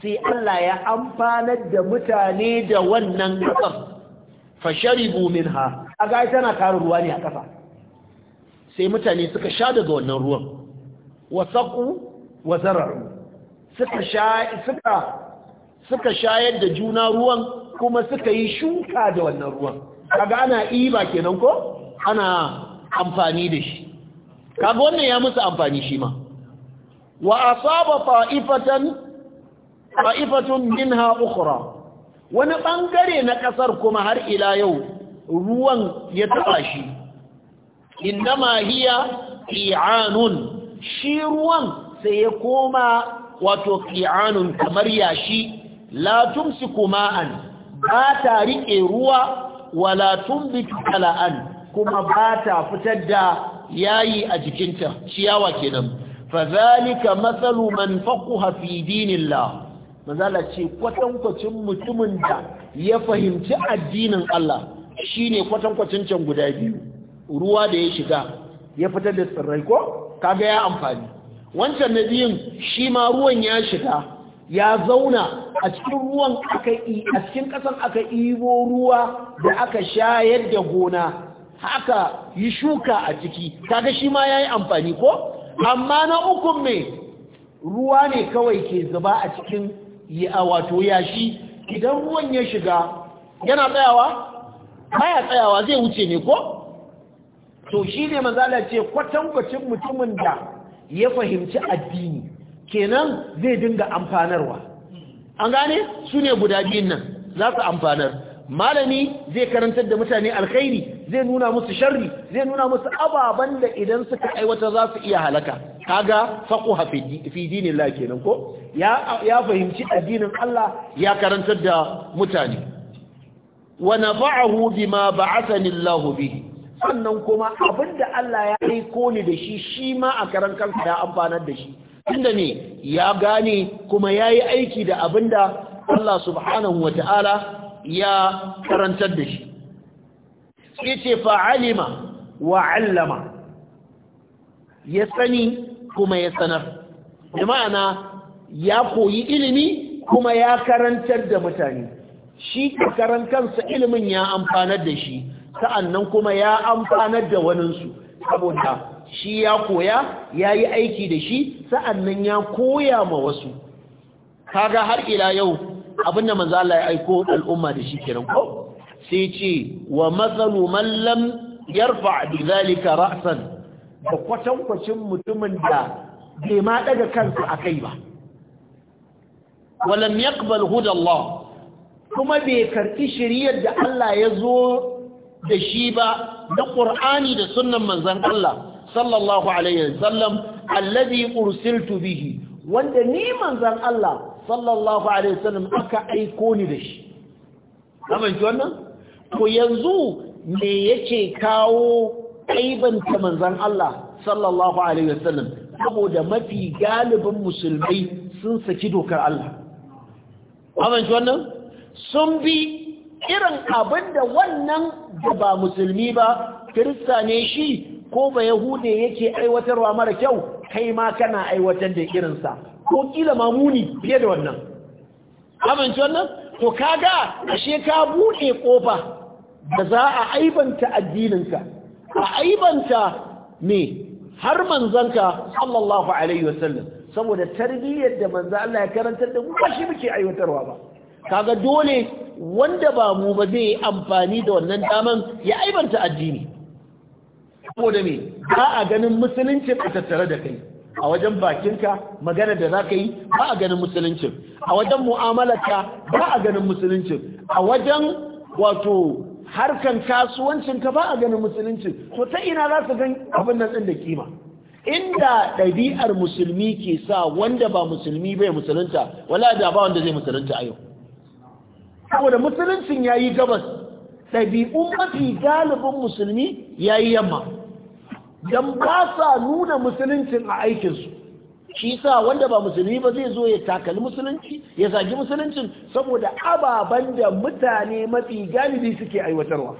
sai Allah ya amfanar da mutane da wannan kasar fa sharibu a kaga tana tarin ruwa ne a kafa. sai mutane suka sha daga wannan ruwan wasaƙu wa zar'u suka shayar da juna ruwan kuma suka yi shuka da wannan ruwan kaga ana iba kenan ko ana amfani da shi kaga wannan ya musu amfani shi ma wa asaba ta'ifatan ta'ifatun minha ukhra wani bangare na kasar kuma har ila yau ruwan ya taba shi mahiya hiya i'anun shi ruwan sai ya koma wato ƙi'anun kamar yashi la tumsi kuma'an ba ta riƙe ruwa wala tumbitu kala'an kuma ba ta fitar da yayi a jikinta ciyawa kenan fazalika matsalu man faquha fi dinillah mazala ce kwatankwacin mutumin da ya fahimci addinin Allah shine kwatankwacin can guda biyu ruwa da ya shiga ya fitar da tsirrai ko kaga ya amfani wancan na biyun shi ma ruwan ya shiga ya zauna a cikin ruwan aka yi a cikin kasan aka ibo ruwa da aka shayar da gona haka yi shuka a ciki kaga shi ma yayi amfani ko amma na ukun me ruwa ne kawai ke zuba a cikin ya wato yashi idan ruwan ya shiga yana tsayawa baya tsayawa zai wuce ne ko to shi ne mazala ce kwatankwacin mutumin da ya fahimci addini kenan zai dinga amfanarwa an gane su ne guda biyun nan za su amfanar malami zai karantar da mutane alkhairi zai nuna musu sharri zai nuna musu ababen da idan suka aiwata za su iya halaka kaga faquha fi dinillah kenan ko ya ya fahimci addinin Allah ya karantar da mutane wa nafa'ahu bima ba'athani Allah bihi sannan kuma abin da Allah ya aiko ni da shi shi ma a karan kansa ya amfanar da shi inda ne ya gane kuma ya yi aiki da abin da Allah subhanahu wa ta'ala ya karantar da shi sai ce fa'alima wa allama ya sani kuma ya sanar da ma'ana ya koyi ilimi kuma ya karantar da mutane shi karan kansa ilimin ya amfanar da shi sa'annan kuma ya amfanar da waninsu saboda shi ya koya ya yi aiki da shi sa'annan ya koya ma wasu kaga har ila yau abin da manzo Allah ya aiko al'umma da shi kenan ko sai ce wa mathalu man lam yarfa bi zalika ra'san da kwatankwacin mutumin da bai ma daga a akai ba walam yaqbal hudallah kuma bai karɓi shiriyar da Allah ya zo da shi ba na ƙur'ani da sunan manzan Allah sallallahu alaihi wasallam allazi ursiltu bihi wanda ni manzan Allah sallallahu alaihi sallam aka aiko ni da shi amince wannan ko yanzu me yake kawo aibanta manzan Allah sallallahu alaihi sallam saboda mafi galibin musulmai sun saki dokar Allah amince wannan sun bi irin abin da wannan da ba musulmi ba kirista ne shi ko ba yahude yake aiwatarwa mara kyau kai ma kana aiwatar da irinsa ko kila ma muni fiye da wannan amince wannan to kaga ashe ka bude kofa da za a aibanta addininka a aibanta me har manzanka sallallahu alaihi wasallam saboda tarbiyyar da manzo Allah ya karantar da mu ba shi muke aiwatarwa ba kaga dole wanda ba mu ba zai amfani da wannan daman ya aibanta addini da me ba a ganin musulunci a tattare da kai a wajen bakinka magana da za ka yi ba a ganin musulunci a wajen mu'amalarka ba a ganin musulunci a wajen wato harkan kasuwancinka ba a ganin musulunci to ta ina za su gan abin nan din da kima inda dabi'ar musulmi ke sa wanda ba musulmi bai musulunta wala da ba wanda zai musulunta a yau saboda musuluncin ya yi gabas ɗabi'un mafi galibin musulmi ya yi yamma don ba sa nuna musuluncin a aikinsu shi sa wanda ba musulmi ba zai zo ya takali musulunci ya zagi musuluncin saboda ababen da mutane mafi galibi suke aiwatarwa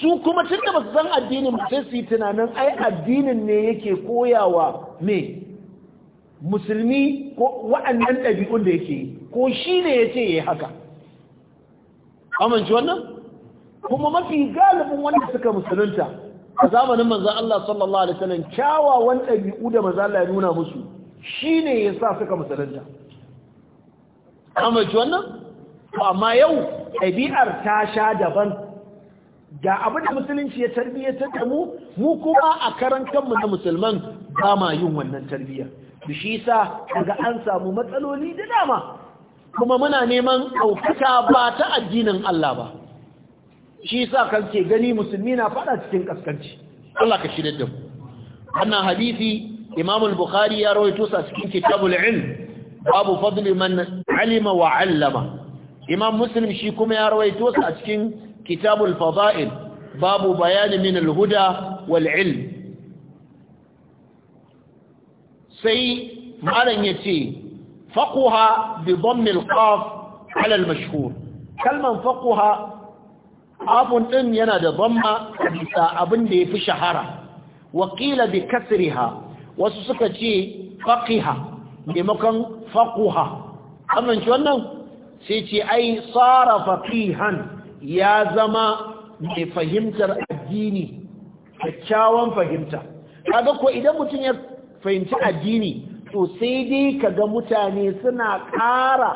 su kuma tun da basu san addinin sai su yi tunanin ai addinin ne yake koyawa me musulmi ko waɗannan ɗabi'un da yake yi ko shi ne ya ce ya yi haka amince wannan kuma mafi galibin wanda suka musulunta a zamanin manzan Allah sallallahu alaihi wasallam kyawawan ɗabi'u da maza Allah ya nuna musu shine yasa suka musulunta amince wannan to amma yau ɗabi'ar ta sha daban ga abin da musulunci ya tarbiyyar da mu mu kuma a karan kanmu na musulman ba ma yin wannan tarbiyyar da shi sa an samu matsaloli da dama kuma muna neman ɗaukaka ba ta addinin Allah ba shi sa kanke gani musulmi na fada cikin ƙaskanci Allah ka shirye da mu wannan hadisi Imam al-Bukhari ya rawaito sa cikin Kitabul Ilm babu fadli man alima wa 'allama Imam Muslim shi kuma ya rawaito sa cikin Kitabul Fada'il babu bayan min al-huda wal 'ilm sai malam yace فقها بضم القاف على المشهور كلمة فقها قاف إن ينادى ضم أبن دي في شهرة وقيل بكسرها وسسكتي فقها لمكان فقها أما إن شو أنه سيتي أي صار فقيها يا زما لفهمتر الديني kyakkyawan fahimta kaga ko idan mutum ya fahimci addini to sai dai ga mutane suna ƙara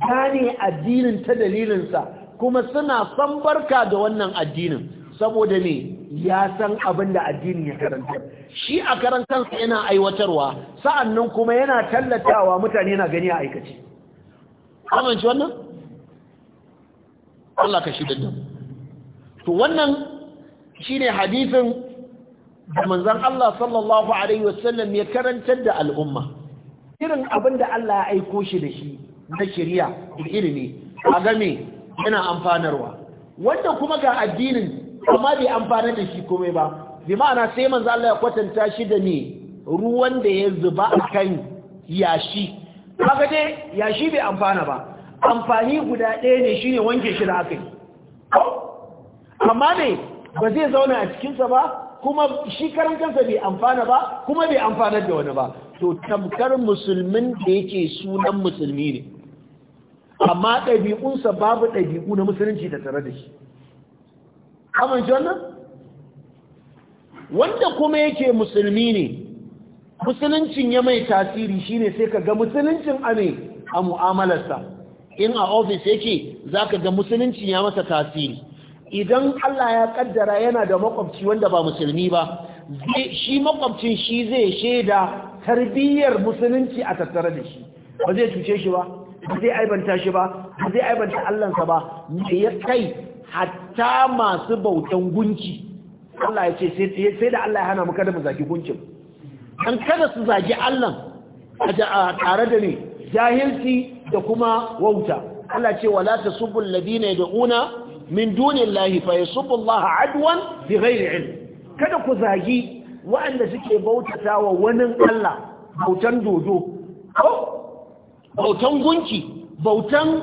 gane addinin ta dalilinsa kuma suna san barka da wannan addinin saboda ne ya san abin da addinin ya karanta shi a sa yana aiwatarwa sa'annan kuma yana tallatawa mutane na gani a aikace amince wannan Allah ka shi da to wannan shine hadisin da manzon Allah sallallahu alaihi wasallam ya karantar da al'umma irin abin da Allah ya aiko shi da shi na shari'a da ilimi a game yana amfanarwa wanda kuma ga addinin amma bai amfana da shi komai ba bi ma'ana sai manzo Allah ya kwatanta shi da ne ruwan da ya zuba akan yashi kaga dai yashi bai amfana ba amfani guda ɗaya ne shine wanke shi da akai amma ne ba zai zauna a cikinsa ba kuma shi karan kansa bai amfana ba kuma bai amfana da wani ba to tamkar musulmin da yake sunan musulmi ne amma ɗabi'unsa babu ɗabi'u na musulunci da tare da shi amince wannan wanda kuma yake musulmi ne musuluncin ya mai tasiri shine sai ka ga musuluncin ame a mu'amalarsa in a ofis yake za ka ga musuluncin ya masa tasiri idan Allah ya kaddara yana da makwabci wanda ba musulmi ba shi makwabcin shi zai shaida tarbiyyar musulunci a tattare da shi ba zai cuce shi ba ba zai aibanta shi ba ba zai aibanta Allahnsa ba mai ya kai hatta masu bautan gunki Allah ya ce sai da Allah ya hana mu kada mu zagi gunkin an kada su zagi Allah a tare da ne jahilci da kuma wauta Allah ce wala subul ladina yad'una min dunillahi fa Allah adwan bighairi ilm kada ku zagi waɗanda suke bautatawa wani Allah bautan dodo ko bautan gunki bautan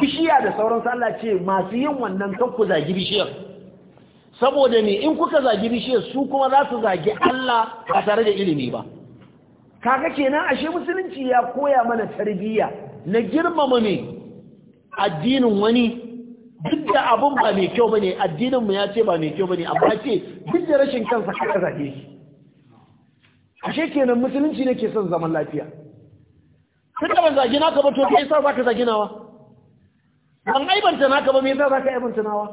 bishiya da sauran Allah ce masu yin wannan kan ku zagi bishiyar saboda ne in kuka zagi bishiyar su kuma za su zagi Allah ba tare da ilimi ba kaga kenan ashe musulunci ya koya mana tarbiyya na girmama ne addinin wani duk da abun ba mai kyau bane ne addininmu ya ce ba mai kyau bane amma ce duk da rashin kansa haka zafi shi a kenan musulunci ne ke son zaman lafiya tunda ban zagi naka ba to kai sa zaka zagi nawa ban aibanta naka ba me za ka aibanta nawa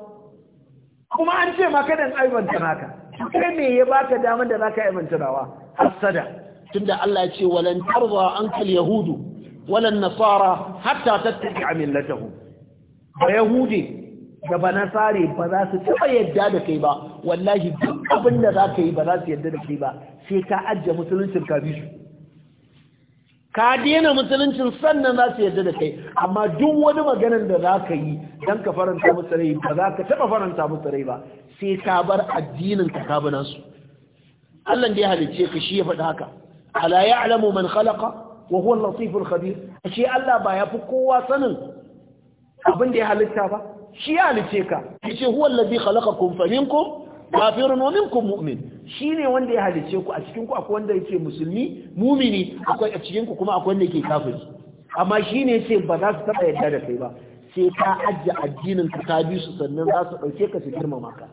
kuma an ce ma kada in aibanta naka kai me ya baka damar da zaka aibanta nawa hasada tunda Allah ya ce walan tarza ankal yahudu walan nasara hatta tattabi'a millatahum ba yahudi da ba na tsare ba za su taɓa yadda da kai ba wallahi duk abin da za ka yi ba za su yadda da kai ba sai ka ajiye musuluncin ka bi su ka daina musuluncin sannan za su yadda da kai amma duk wani maganan da za ka yi don ka faranta musu rai ba za ka taɓa faranta musu rai ba sai ka bar addinin ka ka bi Allah da ya halicce ka shi ya faɗi haka ala ya'lamu man khalaqa wa huwa al-latiful khabir ashe Allah ba ya fi kowa sanin abin da ya halitta ba shi ya halice ka yace huwa allazi khalaqakum fa minkum kafirun wa minkum mu'min shine wanda ya halice ku a cikin ku akwai wanda yake musulmi mumini akwai a cikin kuma akwai wanda yake kafiri amma shine yace ba za su taba yadda da kai ba sai ka ajiye addinin ka ta bi su sannan za su dauke ka su girmama ka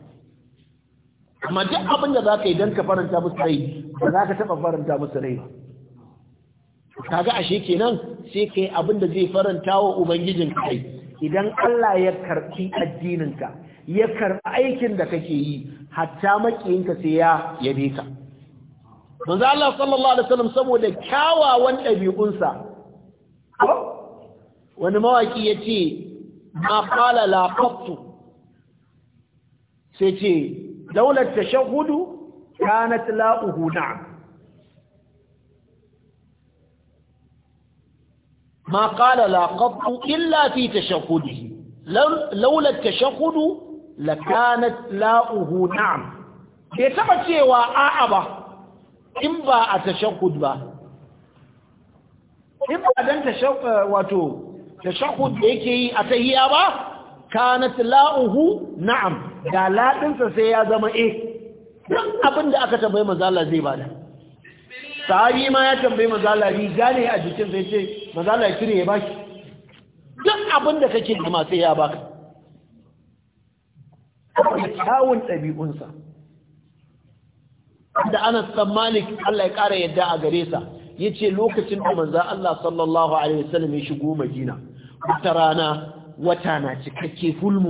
amma duk abin da za ka yi don ka faranta musu rai ba za ka taɓa faranta musu rai ba kaga ashe kenan sai ka abin da zai faranta wa ubangijin kai idan Allah ya karfi addininka ya karɓi aikin da kake yi hatta makiyinka sai ya yabe ka manzo Allah sallallahu alaihi wasallam saboda kyawawan ɗabi'unsa wani mawaki yace ma qala la qattu sai ce daular tashahhudu kanat la uhuna ma qala la qattu illa fi tashahhudihi laula tashahhudu la kanat la'uhu na'am bai taba cewa a'a ba in ba a tashahhud ba in ba dan tashahhud wato tashahhud da yake yi a tahiya ba kanat la'uhu na'am da ladinsa sai ya zama eh duk abin aka tambaye manzo Allah zai bada sahabi ma ya tambayi manzo Allah riga ne a jikin sai Maza Allah ya cire ya baki duk abin da kake da masu ya baka kyawun ɗabi'unsa da ana tsammanin Allah ya ƙara yadda a gare sa ya ce lokacin da manzo Allah sallallahu alaihi wasallam ya shigo Madina wata rana wata na cikakke full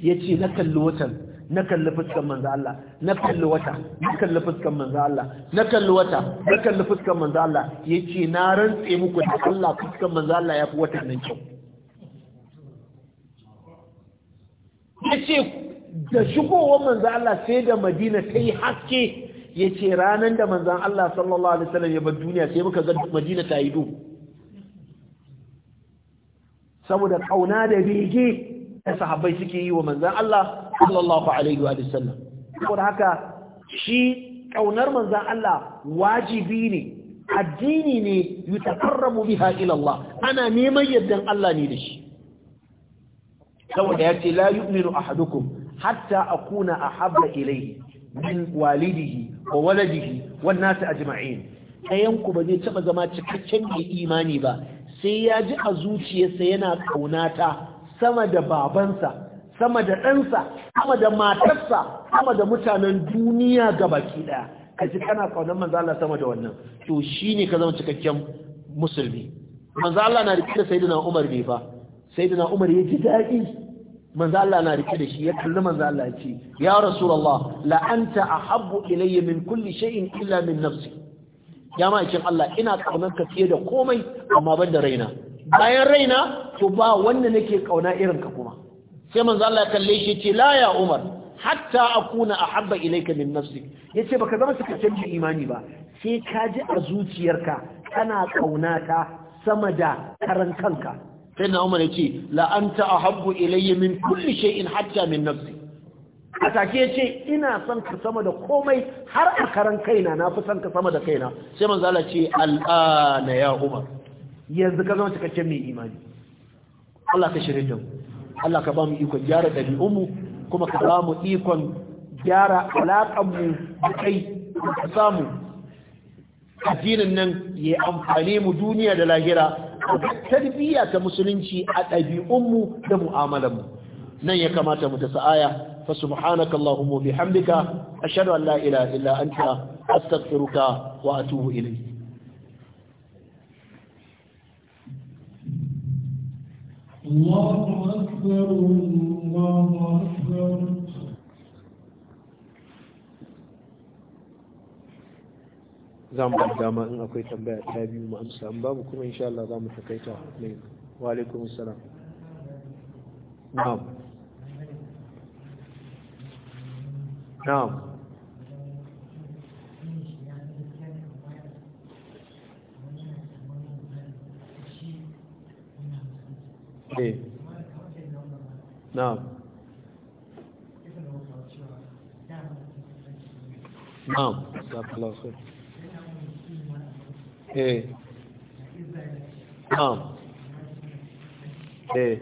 Ya ce na kalli watan na kalli fuskan manzo Allah na kalli wata na kalli fuskan manzo Allah na kalli wata na kalli fuskan manzo Allah yace na rantse muku da Allah fuskan manzo Allah yafi wata nan kyau yace da shigowar manzo Allah sai da Madina ta yi haske yace ranan da manzo Allah sallallahu alaihi wasallam ya bar duniya sai muka ga Madina ta yi duhu saboda kauna da bege da sahabbai suke yi wa manzon Allah sallallahu alaihi wa sallam saboda haka shi kaunar manzon Allah wajibi ne addini ne yutaqarrabu biha ila Allah ana neman yaddan Allah ne da shi saboda yace la yu'minu ahadukum hatta akuna ahabba ilayhi min walidihi wa waladihi wan nas ajma'in kayan ku ba zai taba zama cikakken mai imani ba sai ya ji a zuciyarsa yana kaunata sama da babansa sama da ɗansa sama da matarsa sama da mutanen duniya ga baki ɗaya ka ji kana ƙaunar manzo Allah sama da wannan to ne ka zama cikakken musulmi manzo Allah na rike da sayyidina Umar ne fa sayyidina Umar ya ji daɗi manzo Allah na rike da shi ya kalli manzo Allah ya ce ya rasulullah la anta ahabbu ilayya min kulli shay'in illa min nafsi ya ma Allah ina kaunar ka fiye da komai amma ban da raina bayan raina to ba wanda nake ƙauna irin ka kuma sai manzo Allah ya kalle shi ce la ya Umar hatta akuna ahabba ilayka min nafsik yace baka zama cikakken imani ba sai ka ji a zuciyarka kana kaunata sama da karan kanka sai na Umar yace la anta ahabbu ilayya min kulli shay'in hatta min nafsi atake yace ina son ka sama da komai har a karan kaina na fi son ka sama da kaina sai manzo Allah ce al'ana ya Umar yanzu ka zama cikakken mai imani Allah ka shirye da mu Allah ka ba mu ikon gyara ɗabi'unmu kuma ka ba mu ikon gyara alaƙanmu da kai ka samu addinin nan ya amfane mu duniya da lahira tarbiyya ta musulunci a ɗabi'unmu da mu'amalanmu nan ya kamata mu dasa aya fa subhanaka a bihamdika ashhadu an la ilaha illa anta astaghfiruka wa الله أكبر dama in akwai tambaya ta biyu mu amsa an babu kuma insha Allah za mu takaita ne wa alaikum salam. na'am na'am eh na'am na'am jazakallahu khair eh. na'am eh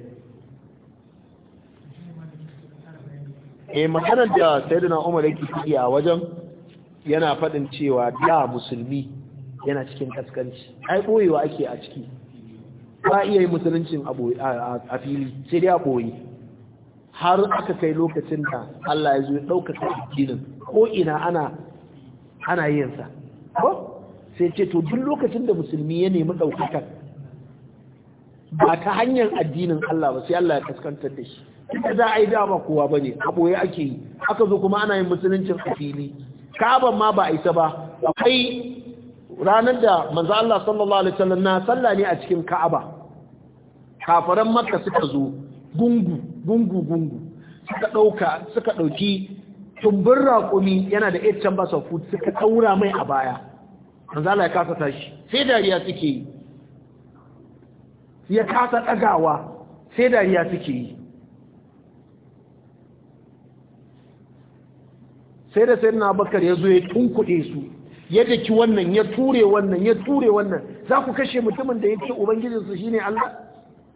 e da sayyidina umar yake fidi a wajen yana faɗin cewa da musulmi yana cikin kaskanci ai boyewa ake a ciki ba iya yi musuluncin a fili sai dai a ɓoye har aka kai lokacin da Allah ya zo ya ɗaukaka addinin ko ina ana ana yinsa ko sai ce to duk lokacin da musulmi ya nemi ɗaukaka ba ta hanyar addinin Allah ba sai Allah ya kaskantar da shi ita za a yi dama kowa ba ne a ɓoye ake yi aka zo kuma ana yin musuluncin a fili kaban ma ba a isa ba akwai ranar da manzo Allah sallallahu alaihi wasallam na sallah ne a cikin Ka'aba kafaran makka suka zo gungu gungu gungu suka ɗauka suka ɗauki tumbin raƙumi yana da eight chambers of food suka daura mai a baya manzala ya kasa tashi sai dariya suke yi ya kasa ɗagawa sai dariya suke yi sai da sai na bakar ya zo ya tunkuɗe su ya daki wannan ya ture wannan ya ture wannan za ku kashe mutumin da ya ce ubangijinsu shine Allah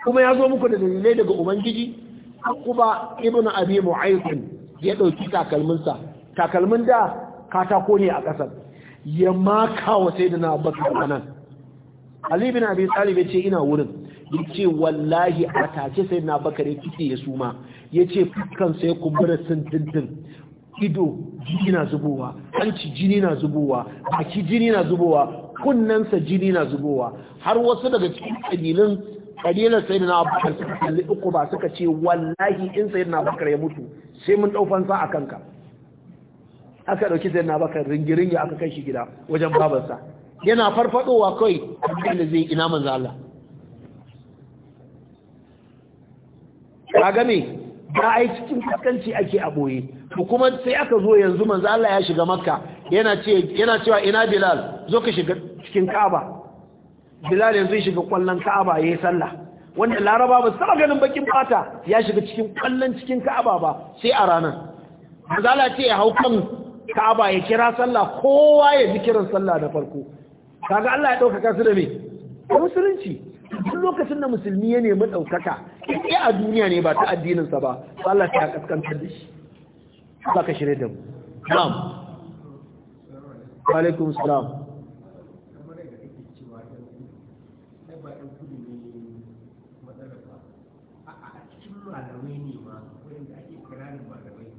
kuma ya zo muku da dalilai daga ubangiji kuma ibn abi mu'ayyid ya ɗauki takalminsa takalmin da katako ne a ƙasar. ya maka wa sayyidina abubakar anan ali bin abi talib ya ce ina wurin yace wallahi a tace sayyidina baka ya kike ya suma yace fuskan sai kumbura tintin ido jini na zubowa hanci jini na zubowa baki jini na zubowa Kunnensa jini na zubowa har wasu daga cikin kabilan kabilar na abubakar suka kalli uku ba suka ce wallahi in sai na abubakar ya mutu sai mun dau fansa a kanka aka dauki na abubakar ringiringi aka kai shi gida wajen babansa yana farfadowa kai da zai ina manzo Allah kaga me ba ai cikin fuskanci ake a boye to kuma sai aka zo yanzu manzo Allah ya shiga makka yana ce yana cewa ina bilal zo ka shiga cikin kaaba bilal yanzu ya shiga kwallon ka'aba ya yi sallah wanda laraba ba su taba ganin bakin fata ya shiga cikin kwallon cikin ka'aba ba sai a ranar mazala ce ya hau kan ka'aba ya kira sallah kowa ya ji kiran sallah da farko kaga Allah ya ɗaukaka su da me da musulunci duk lokacin da musulmi ya nemi ɗaukaka in a duniya ne ba ta addininsa ba Allah ta kaskantar da shi Allah ka shirye da mu alaikum salam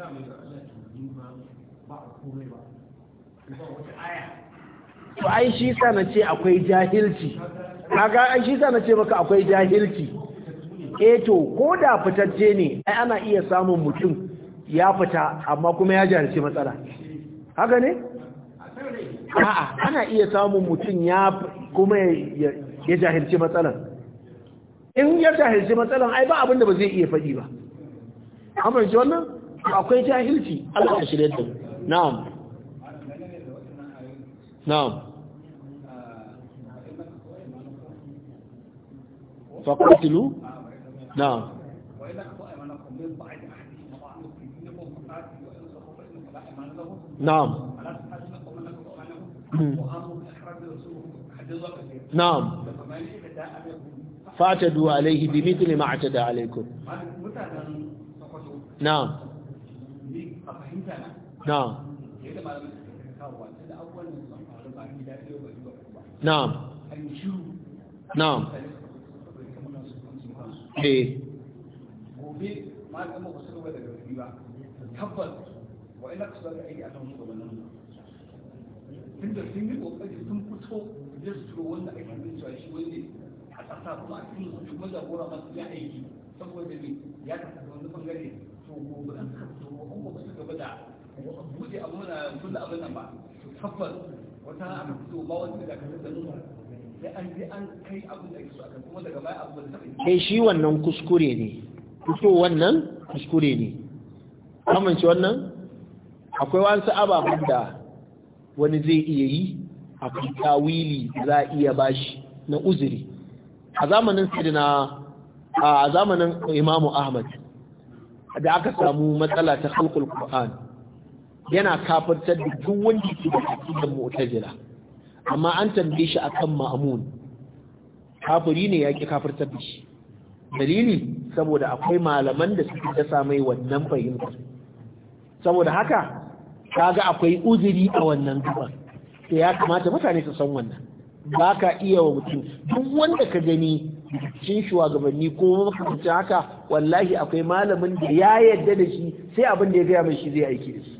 sa mai Allah ba komai ba ba wata aya to ai shi sa na ce akwai jahilci kaga ai shi sa na ce maka akwai jahilci eh to ko da fitacce ne ai ana iya samun mutum ya fita amma kuma ya jahilci matsala haka ne a'a ana iya samun mutum ya kuma ya jahilci matsalan in ya jahilci matsalan ai ba abin da ba zai iya faɗi ba amma shi wannan akwai jahilci Allah ya shirye da na'am na'am faqatilu na'am na'am na'am fatadu alaihi bi mithli ma atada alaikum na'am na'am na'am na'am eh aiki ya saboda bangare buɗe abu na shi wannan kuskure ne fito wannan kuskure ne amince wannan akwai wasu ababen da wani zai iya yi akwai wili za a iya bashi na uzuri a zamanin sirina a zamanin imamu ahmad da aka samu matsala ta halkul qur'an yana kafirtar da duk wanda ke da aqidar mu'tazila amma an tambaye shi akan ma'amun kafiri ne yake kafirtar da shi dalili saboda akwai malaman da suke dasa mai wannan fahimtar saboda haka kaga akwai uzuri a wannan gaba to ya kamata mutane su san wannan ba ka iya wa mutum duk wanda ka gani cikin shugabanni ko makamancin haka wallahi akwai malamin da ya yarda da shi sai abin da ya gaya mai shi zai aiki da shi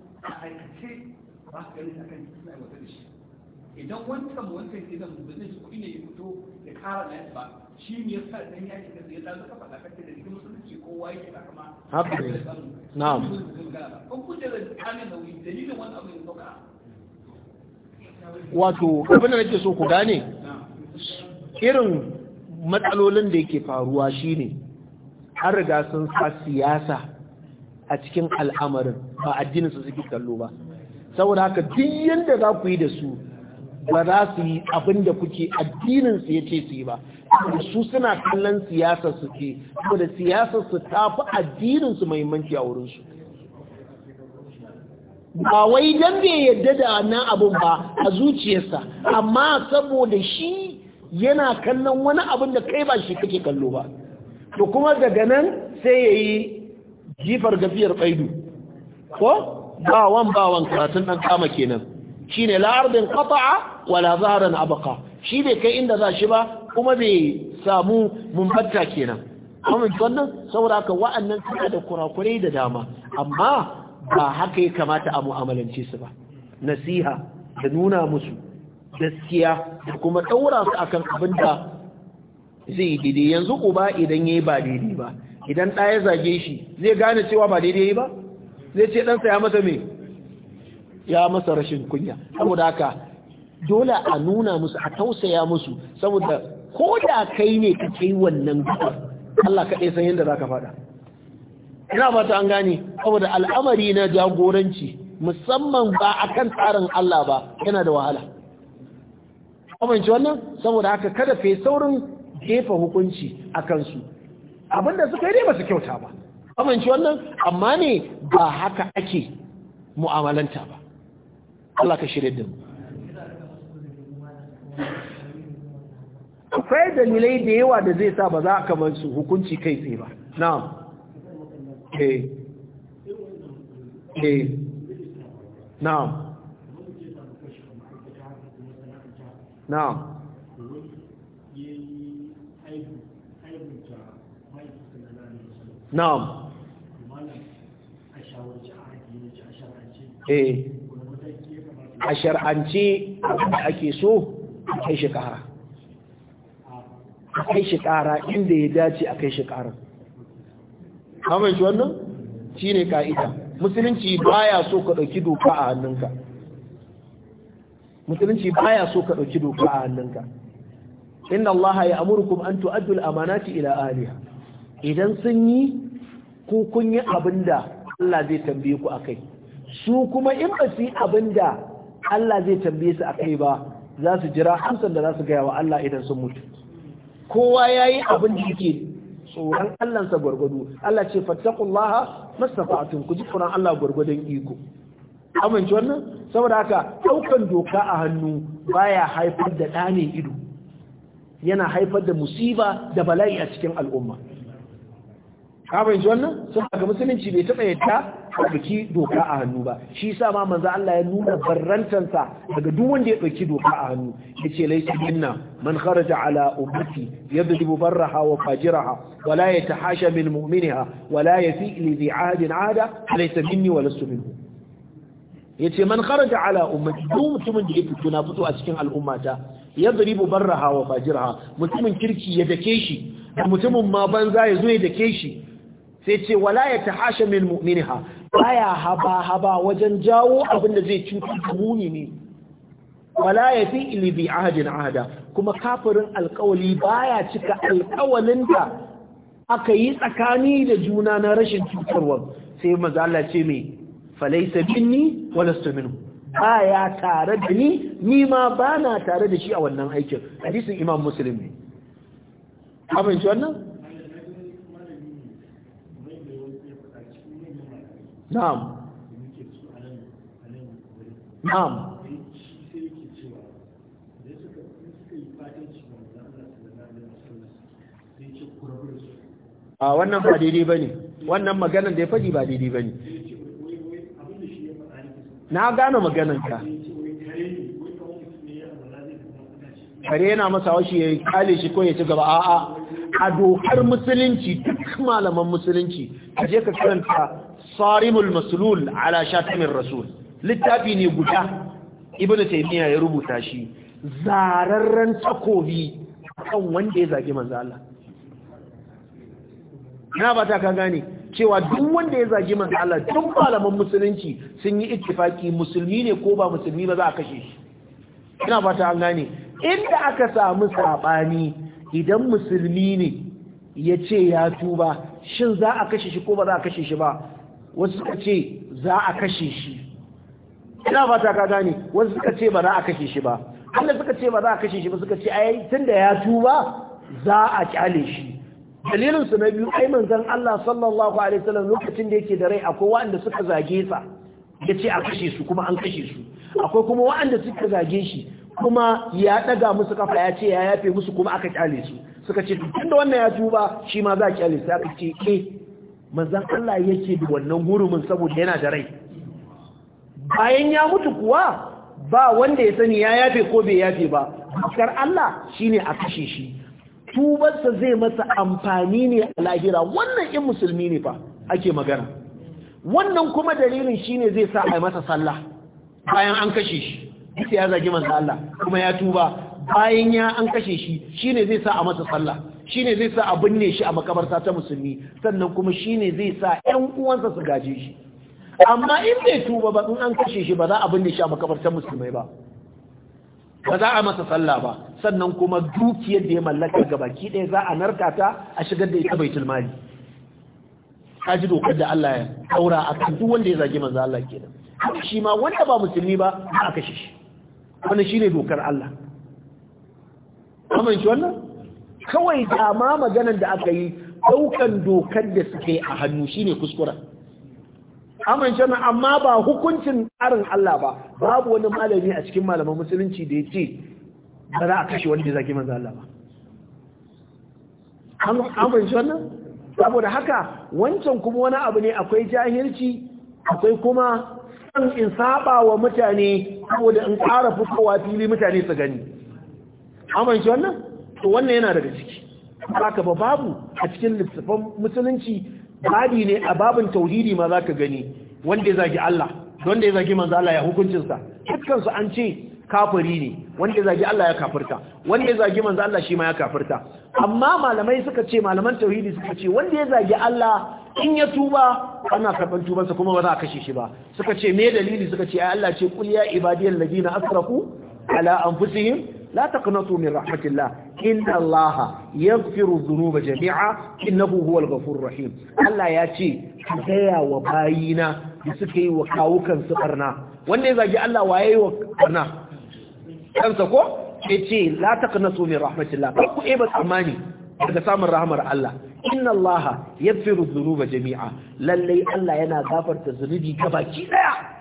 a aikace ba ka ganin akan da zai kuɗi ne ya fito ya kara na ba shi ne ya sa dan yaki da ya faɗa da cikin musulunci kowa yake da kama habbe na'am ko da kana da dalilin wannan abin da ka wato abin da nake so ku gane irin matsalolin da yake faruwa shine an riga sun sa siyasa a cikin al'amarin ba addinin su suke kallo ba saboda haka duk yadda za ku yi da su ba za su yi abin da kuke addinin su ya ce su yi ba su suna kallon siyasar su ke saboda siyasar su ta fi addinin su muhimmanci a wurin su ba wai dan bai yadda da wannan abun ba a zuciyarsa amma saboda shi yana kallon wani abin da kai ba shi kake kallo ba to kuma daga nan sai yayi jifar gafiyar baidu ko bawan bawan karatun dan kama kenan shine la ardin qata'a wala zahran abqa shi bai kai inda za shi ba kuma bai samu mumbatta kenan Kuma wannan saboda haka wa'annan suna da kurakurai da dama amma ba haka ya kamata a mu'amalance su ba nasiha da nuna musu gaskiya da kuma ɗaura su akan abin da zai daidai yanzu uba idan ya yi ba daidai ba idan ɗa ya zage shi zai gane cewa ba daidai yi ba zai ce ɗansa ya masa me ya masa rashin kunya saboda haka dole a nuna musu a tausaya musu saboda ko da kai ne ka kai wannan gaba Allah kaɗai san yadda za ka faɗa ina ba ta an gane saboda al'amari na jagoranci musamman ba kan tsarin Allah ba yana da wahala amince wannan saboda haka kada fai saurin jefa hukunci a kansu da suka yi dai ba su kyauta ba amince wannan amma ne ba haka ake mu'amalanta ba Allah ka shirye da akwai dalilai da yawa da zai sa ba za a kamar su hukunci kai tsaye ba na'am eh eh na'am na'am na'am eh a shar'ance da ake so a kai shi ƙara a kai shi ƙara inda ya dace a kai shi ƙara shi wannan shi ne ka'ida musulunci baya so ka ɗauki doka a hannunka musulunci baya so ka ɗauki doka a hannunka inna Allah ya amurkum an tu'addul amanati ila ahliha idan sun yi ku kun yi abin da Allah zai tambaye ku akai su kuma in ba su yi abin da Allah zai tambaye su akai ba za su jira amsar da za su gaya wa Allah idan sun mutu kowa ya yi abin da yake tsoron sa gwargwado Allah ce fattakullaha mastafa'atun ku ji tsoron Allah gwargwadon iko amince wannan saboda haka daukan doka a hannu baya haifar da ɗane ido yana haifar da musiba da bala'i a cikin al'umma ka fahimci wannan sun ga musulunci bai taɓa yadda a ɗauki doka a hannu ba shi sa ma manza Allah ya nuna barrantansa daga duk wanda ya ɗauki doka a hannu Ya ce laysa minna man kharaja ala ummati yadribu barraha wa fajiraha wa la yatahasha min mu'miniha wa la yafi li dhi ahadin ahada laysa minni wa lastu minhu yace man kharaja ala ummati duk mutumin da ya fito na fito a cikin al'ummata yadribu barraha wa fajiraha mutumin kirki ya dake shi mutumin ma banza ya zo ya dake shi sai ce wala ya tahasha min mu'minha baya haba haba wajen jawo abin da zai cutar da mu'mini wala ya fi ili bi ahadin ahada kuma kafirin alkawali baya cika alkawalin da aka yi tsakani da juna na rashin cutarwa sai maza ce mai falaisa binni wala minu baya tare da ni ni ma bana tare da shi a wannan aikin hadisin imam muslim ne abin shi wannan na'am na'am a wannan ba daidai ba ne wannan maganan da ya faɗi ba daidai ba ne na gane magananka kare yana masa washe ya kale shi ko ya ci gaba a'a a dokar musulunci duk malaman musulunci a je ka karanta sarimul maslul ala shatimin rasul littafi ne guda ibnu taymiya ya rubuta shi zararren takobi kan wanda ya zagi manzo Allah ba ta gane cewa duk wanda ya zagi manzo Allah duk malaman musulunci sun yi ittifaki musulmi ne ko ba musulmi ba za a kashe shi ina ba ta gane inda aka samu saɓani, idan musulmi ne ya ce ya tuba shin za a kashe shi ko ba za a kashe shi ba wasu suka ce za a kashe shi ina fata ka gane wasu suka ce ba za a kashe shi ba wanda suka ce ba za a kashe shi ba suka ce ai da ya tuba za a kyale shi dalilin su na biyu ai manzon Allah sallallahu alaihi wasallam lokacin da yake da rai akwai wanda suka zage sa yace a kashe su kuma an kashe su akwai kuma wanda suka zage shi kuma ya daga musu kafa ya ce ya yafe musu kuma aka kyale su suka ce tunda wannan ya tuba shi ma za a kyale su aka ce eh manzan Allah yake da wannan hurumin saboda yana da rai bayan ya mutu kuwa ba wanda ya sani ya yafe ko bai yafe ba bakar Allah shine a kashe shi tubarsa zai masa amfani ne a lahira wannan in musulmi ne fa ake magana wannan kuma dalilin shine zai sa a masa sallah bayan an kashe shi sai ya zagi manzan Allah kuma ya tuba bayan ya an kashe shi shine zai sa a masa sallah Shi ne zai sa abin ne shi a makabarta ta musulmi sannan kuma shine zai sa ƴan uwansa su gaje shi amma in bai tuba ba in an kashe shi ba za a binne shi a makabarta musulmai ba ba za a masa sallah ba sannan kuma dukiyar da ya mallaka ga baki ɗaya za a narka ta a shigar da ita baitul mali ka ji dokar da Allah ya kaura a kan duk wanda ya zage manzo Allah kenan shi ma wanda ba musulmi ba za a kashe shi wannan shine dokar Allah shi wannan kawai dama maganar da aka yi daukan dokar da suke a hannu shine kuskura amince na amma ba hukuncin tsarin Allah ba babu wani malami a cikin malaman musulunci da ya ce ba za a kashe wanda ya zaki manzo Allah ba amince nan saboda haka wancan kuma wani abu ne akwai jahilci akwai kuma san in saba wa mutane saboda in ƙara fitowa fili mutane su gani amince wannan to wannan yana daga ciki haka ba babu a cikin littafan musulunci babi ne a babin tauhidi ma zaka gani wanda ya zagi Allah wanda ya zagi manzo Allah ya hukuncin sa dukkan su an ce kafiri ne wanda ya zagi Allah ya kafirta wanda ya zagi manzo Allah shi ma ya kafirta amma malamai suka ce malaman tauhidi suka ce wanda ya zagi Allah in ya tuba ana karban sa kuma ba za a kashe shi ba suka ce me dalili suka ce ai Allah ce qul ya ibadiyal ladina asrafu ala anfusihim la taqnatu min rahmatillah inna Allah yaghfiru dhunuba jami'a innahu huwal ghafurur rahim Allah ya ce ka gaya wa bayina da suka yi wa kawukan su barna wanda ya zagi Allah waye wa barna kansa ko yace la taqnatu min rahmatillah ku eba tsammani daga samun rahmar Allah inna Allah yaghfiru dhunuba jami'a Lallai Allah yana gafarta zunubi gabaki daya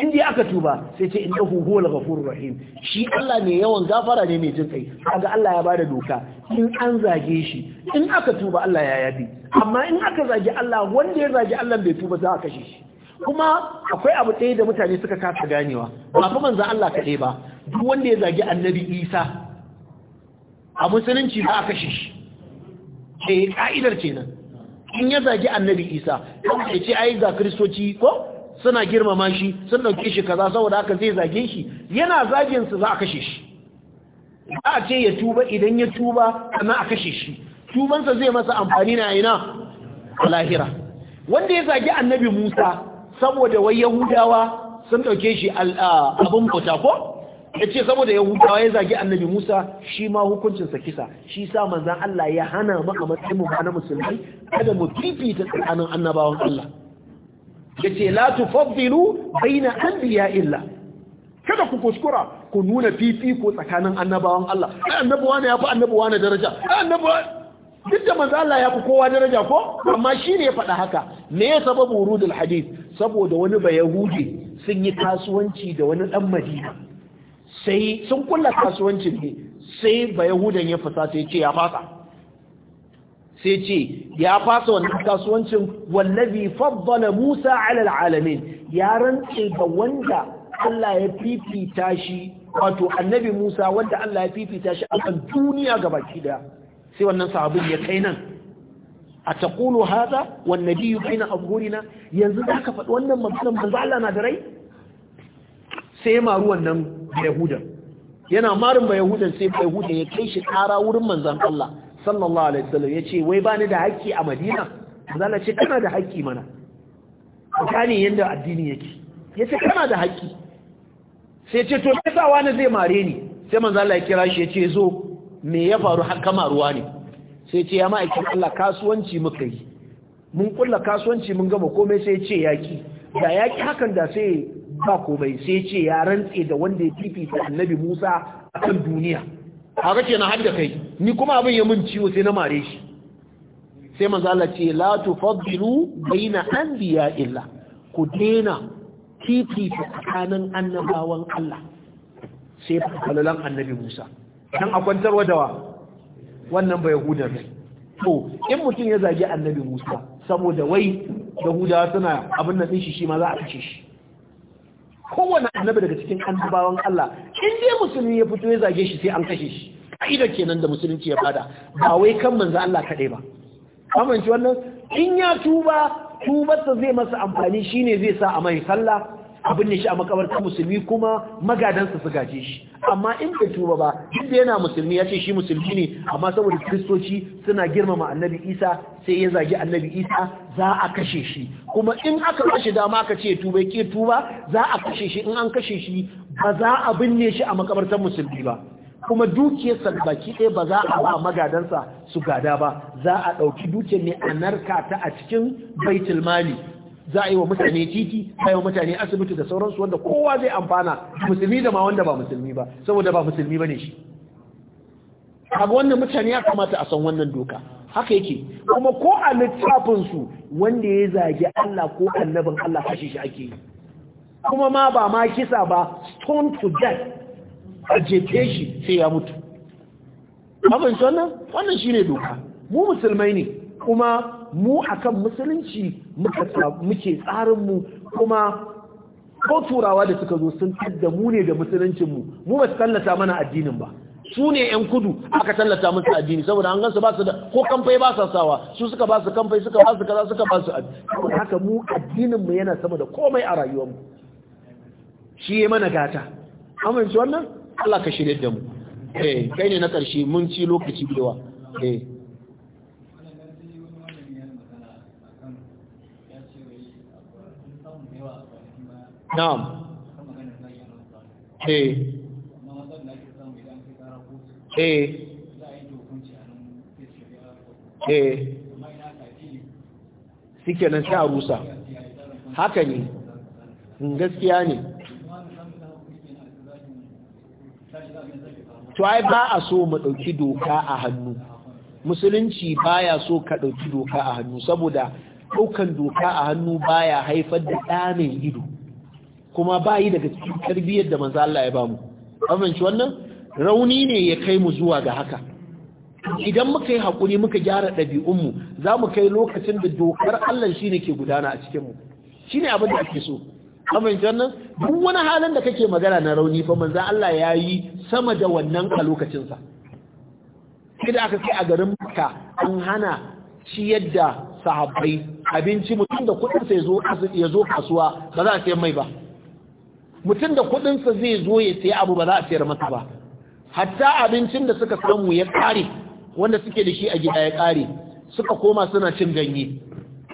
in dai aka tuba sai ce innahu huwal ghafurur rahim shi Allah ne yawan gafara ne mai jin kaga Allah ya bada doka in an zage shi in aka tuba Allah ya yafi amma in aka zage Allah wanda ya zage Allah bai tuba za a kashe shi kuma akwai abu ɗaya da mutane suka kasa ganewa ba fa manzo Allah kaɗai ba duk wanda ya zage annabi Isa a musulunci za a kashe shi eh ka'idar kenan in ya zage annabi Isa kuma ya ce ai ga kristoci ko suna girmama shi sun ɗauke shi kaza saboda haka zai zage shi yana zagin su za a kashe shi za a ce ya tuba idan ya tuba sannan a kashe shi tubansa zai masa amfani na ina a lahira wanda ya zagi annabi Musa saboda wai Yahudawa sun dauke shi abin bauta ko ya ce saboda yahudawa ya zagi annabi musa shi ma hukuncinsa kisa shi sa manzan allah ya hana mu a matsayin mu na musulmi kada mu fifita tsakanin annabawan allah yace la tufaddilu baina anbiya illa kada ku kuskura ku nuna fifiko tsakanin annabawan Allah ai annabawa ne yafi annabawa ne daraja ai annabawa duk da manzo Allah fi kowa daraja ko amma shine ya faɗa haka me ya sababu wurudul hadith saboda wani bayahudi sun yi kasuwanci da wani dan Madina sai sun kulla kasuwancin ne sai bayahudan ya fasa sai ce ya fasa sai ce ya fasa wannan kasuwancin wallazi faddala Musa ala alamin ya rantse ga wanda Allah ya fifita shi wato annabi Musa wanda Allah ya fifita shi akan duniya gabaki daya sai wannan sahabin ya kai nan a taqulu hadha wan nabiyyu baina abhurina yanzu da ka faɗi wannan maganar manzo Allah na da rai sai ma ruwan nan Yahudan yana marin ba Yahudan sai Yahudan ya kai shi ƙara wurin manzon Allah sallallahu alaihi wasallam yace wai bani da haƙƙi a Madina zalla ce kana da haƙƙi mana kani yanda addini yake yace kana da haƙƙi sai ce to me wani zai mare ni sai manzo Allah ya kira shi yace zo me ya faru har kama ruwa ne sai ce ya aikin Allah kasuwanci muka yi mun kulla kasuwanci mun gama komai sai ce yaki da yaki hakan da sai ba komai sai ce ya rantse da wanda ya fifita annabi Musa akan duniya haka ce na hadda kai ni kuma abin ya mun ciwo sai na mare shi sai manzo Allah ce la tufaddilu baina anbiya illa ku dena titi tsakanin annabawan Allah sai falalan annabi Musa dan akwantar wadawa wannan ba yahuda ne to in mutum ya zagi annabi Musa saboda wai yahudawa suna abin nan din shi shi ma za a kace shi kowane annabi daga cikin annabawan Allah in dai musulmi ya fito ya zage shi sai an kashe shi ka'ida kenan da musulunci ya bada ba wai kan manzo Allah kaɗai ba amince wannan in ya tuba tubarsa zai masa amfani shine zai sa a mai sallah abin ne shi a makabartar musulmi kuma magadansa su gaje shi amma in bai tuba ba inda da yana musulmi ya ce shi musulmi ne amma saboda kristoci suna girmama annabi isa sai ya zagi annabi isa za a kashe shi kuma in aka kashe dama aka ce tuba ke tuba za a kashe shi in an kashe shi ba za a binne shi a makabartar musulmi ba kuma dukiyarsa baki ɗaya ba za a ba magadansa su gada ba za a ɗauki dukiyar ne a narka ta a cikin baitul mali za a yi wa mutane titi za a yi wa mutane asibiti da sauransu wanda kowa zai amfana musulmi da ma wanda ba musulmi ba saboda ba musulmi ba ne shi ga wannan mutane ya kamata a san wannan doka haka yake kuma ko a littafinsu wanda ya zagi Allah ko annabin Allah kashe shi ake yi kuma ma ba ma kisa ba stone to death a jefe shi sai ya mutu abin wannan wannan ne doka mu musulmai ne kuma mu akan musulunci muke tsarinmu kuma ko turawa da suka zo sun tadda mu ne da musuluncinmu mu ba su tallata mana addinin ba su ne 'yan kudu aka tallata musu addini saboda an gansu ba su da ko kamfai ba su sawa su suka ba su kamfai suka ba su kaza suka ba su addini haka mu addininmu yana sama da komai a rayuwarmu shi ya mana gata amince wannan Allah ka shirye da mu eh kai ne na karshe mun ci lokaci da eh na'am eh eh eh suke nan sai haka ne hmm, gaskiya ne ba a so mu ɗauki doka a hannu musulunci baya so ka ɗauki doka a hannu saboda ɗaukan doka a hannu baya haifar da ɗa mai ido kuma ba yi daga cikin tarbiyyar da manzo Allah ya bamu amince wannan rauni ne ya kai mu zuwa ga haka idan muka yi hakuri muka gyara ɗabi'unmu za mu kai lokacin da dokar Allah shi ke gudana a cikin mu shine abin da ake so amince wannan duk wani halin da kake magana na rauni fa manzo Allah ya yi sama da wannan a lokacinsa sai da aka kai a garin muka an hana ciyar da sahabbai abinci mutum da kuɗinsa ya zo kasuwa ba za a sayan mai ba mutum da kudinsa zai zo ya sayi abu ba za a sayar masa ba hatta abincin da suka samu ya kare wanda suke da shi a gida ya kare suka koma suna cin ganye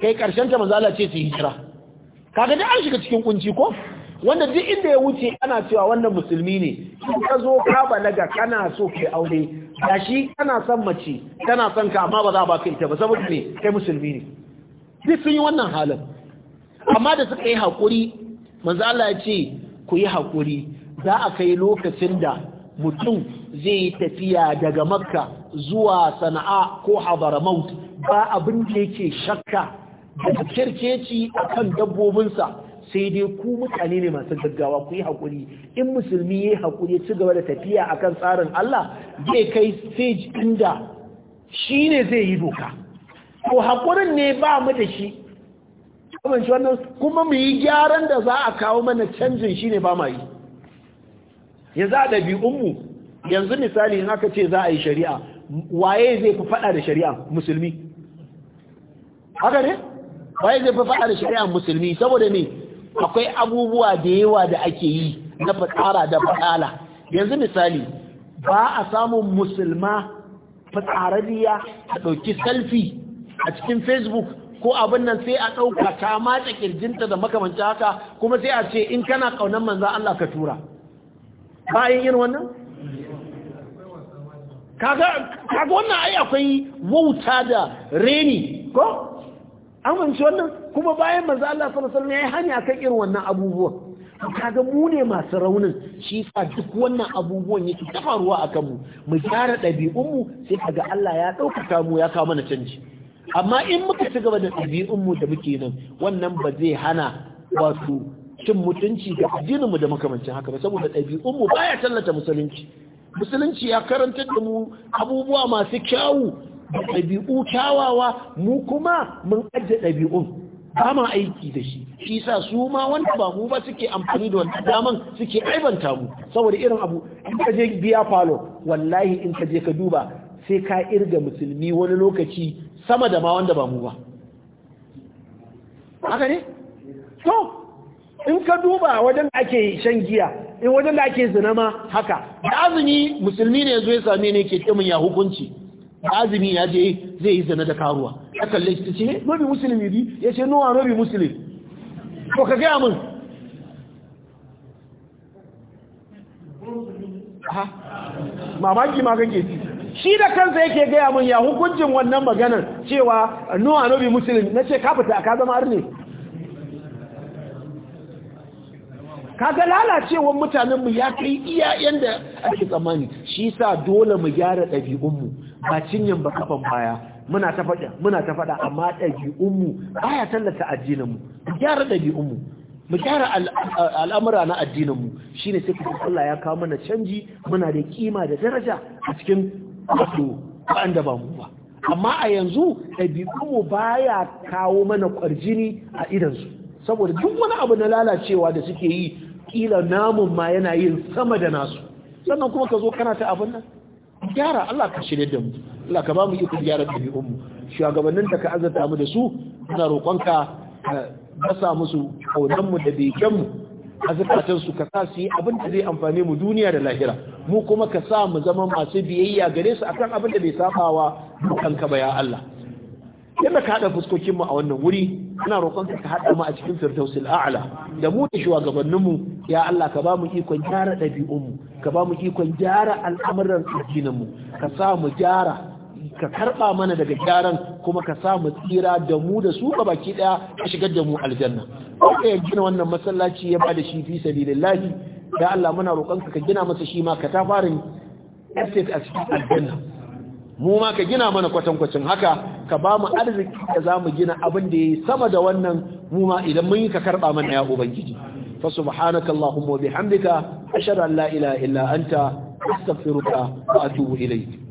kai karshen ta mazala ce su hijira kaga dai an shiga cikin kunci ko wanda duk inda ya wuce ana cewa wannan musulmi ne in ka zo ka balaga kana so kai aure shi kana son mace kana son ka amma ba za ba ita ba saboda ne kai musulmi ne duk sun yi wannan halin amma da suka yi hakuri manzo Allah ya ce ku yi hakuri za a kai lokacin da mutum zai yi tafiya daga makka zuwa sana'a ko habaramaut ba abin da yake shakka da kirkeci a kan dabbobinsa sai dai ku mutane ne masu gaggawa ku yi haƙuri in musulmi ya yi haƙuri ya ci gaba da tafiya a kan tsarin Allah zai kai stage inda shi ne zai yi doka ko haƙurin ne ba mu da shi kamar wannan kuma mu yi gyaran da za a kawo mana canjin shi ne ba ma yi ya za da bi'unmu yanzu misali in aka ce za a yi shari'a waye zai fi fada da shari'a musulmi haka ne waye zai fi fada da shari'a musulmi saboda ne akwai abubuwa da yawa da ake yi na fatsara da fatala yanzu misali ba a samun musulma fatsarariya a ɗauki selfie a cikin facebook ko abin nan sai a ɗauka ta matsa kirjinta da makamanci haka kuma sai a ce in kana ƙaunar manzan Allah ka tura bayan yin wannan? kaga wannan ai akwai wauta da reni ko? amince wannan kuma bayan manzan Allah ne ya yi hanya kan irin wannan abubuwan kaga mu ne masu raunin shi sa duk wannan abubuwan yake ta faruwa a kanmu mu gyara ɗabi'unmu sai kaga Allah ya ɗaukaka mu ya kawo mana canji amma in muka ci gaba da ɗabi'unmu da muke nan wannan ba zai hana wato cin mutunci ga addininmu da makamancin haka ba saboda ɗabi'unmu baya tallata musulunci musulunci ya karanta da mu abubuwa masu kyawu da ɗabi'u kyawawa mu kuma mun ajiye ɗabi'un ba ma aiki da shi shi sa su ma wanda ba mu ba suke amfani da wannan daman suke aibanta mu saboda irin abu in ka je biya falo wallahi in ka je ka duba sai ka irga musulmi wani lokaci sama da ma wanda ba mu ba haka ne? to in ka duba wajen ake shan giya in wajen da ake zinama haka da azumi musulmi ne zuwa same ne ke kimin ya hukunci da azumi ya je zai yi zina da karuwa ya kalle shi ta ce nobi eh, musulmi bi ya ce nowa nobi musulmi to ka gaya min mamaki ma kake ci shi da kansa yake gaya mun ya hukuncin wannan maganar cewa no anobi muslim na ce ka fita ka zama arne kaga lalacewar mutanenmu ya kai iya yanda ake tsammani shi sa dole mu gyara ɗabi'unmu ba cinyan ba kafan baya muna ta faɗa muna ta faɗa amma ɗabi'unmu baya tallata addininmu mu gyara ɗabi'unmu mu gyara al'amura na addininmu shine sai kuma Allah ya kawo mana canji muna da kima da daraja a cikin wato wa'anda ba mu ba amma a yanzu ɗabi'unmu ya kawo mana kwarjini a idansu saboda duk wani abu na lalacewa da suke yi ƙila namun ma yana yin sama da nasu sannan kuma ka zo kana ta abin nan gyara Allah ka shirya da mu Allah ka ba mu ikon gyara ɗabi'unmu shugabannin da ka azurta mu da su ina roƙonka ka dasa musu kaunanmu da bekenmu a zukatansu ka sa su yi abin da zai amfane mu duniya da lahira mu kuma ka sa mu zama masu biyayya gare su akan abin da bai wa dukanka ba ya Allah yadda ka haɗa fuskokin mu a wannan wuri ina roƙon ka haɗa mu a cikin firdausil a'la da mu da shugabannin mu ya Allah ka ba mu ikon gyara dabi'unmu, mu ka ba mu ikon gyara al'amuran addinin mu ka sa mu gyara ka karɓa mana daga gyaran kuma ka samu tsira da mu da su ga baki ɗaya a shigar da mu aljanna ka ya gina wannan masallaci ya bada shi fi sabilillahi da Allah muna roƙon ka gina masa shi ma ka ta fara estate a cikin aljanna mu ma ka gina mana kwatankwacin haka ka ba mu arziki da za mu gina abin da ya yi sama da wannan mu ma idan mun yi ka karɓa mana ya ubangiji fa subhanaka allahumma wa bihamdika ashhadu an la ilaha illa anta astaghfiruka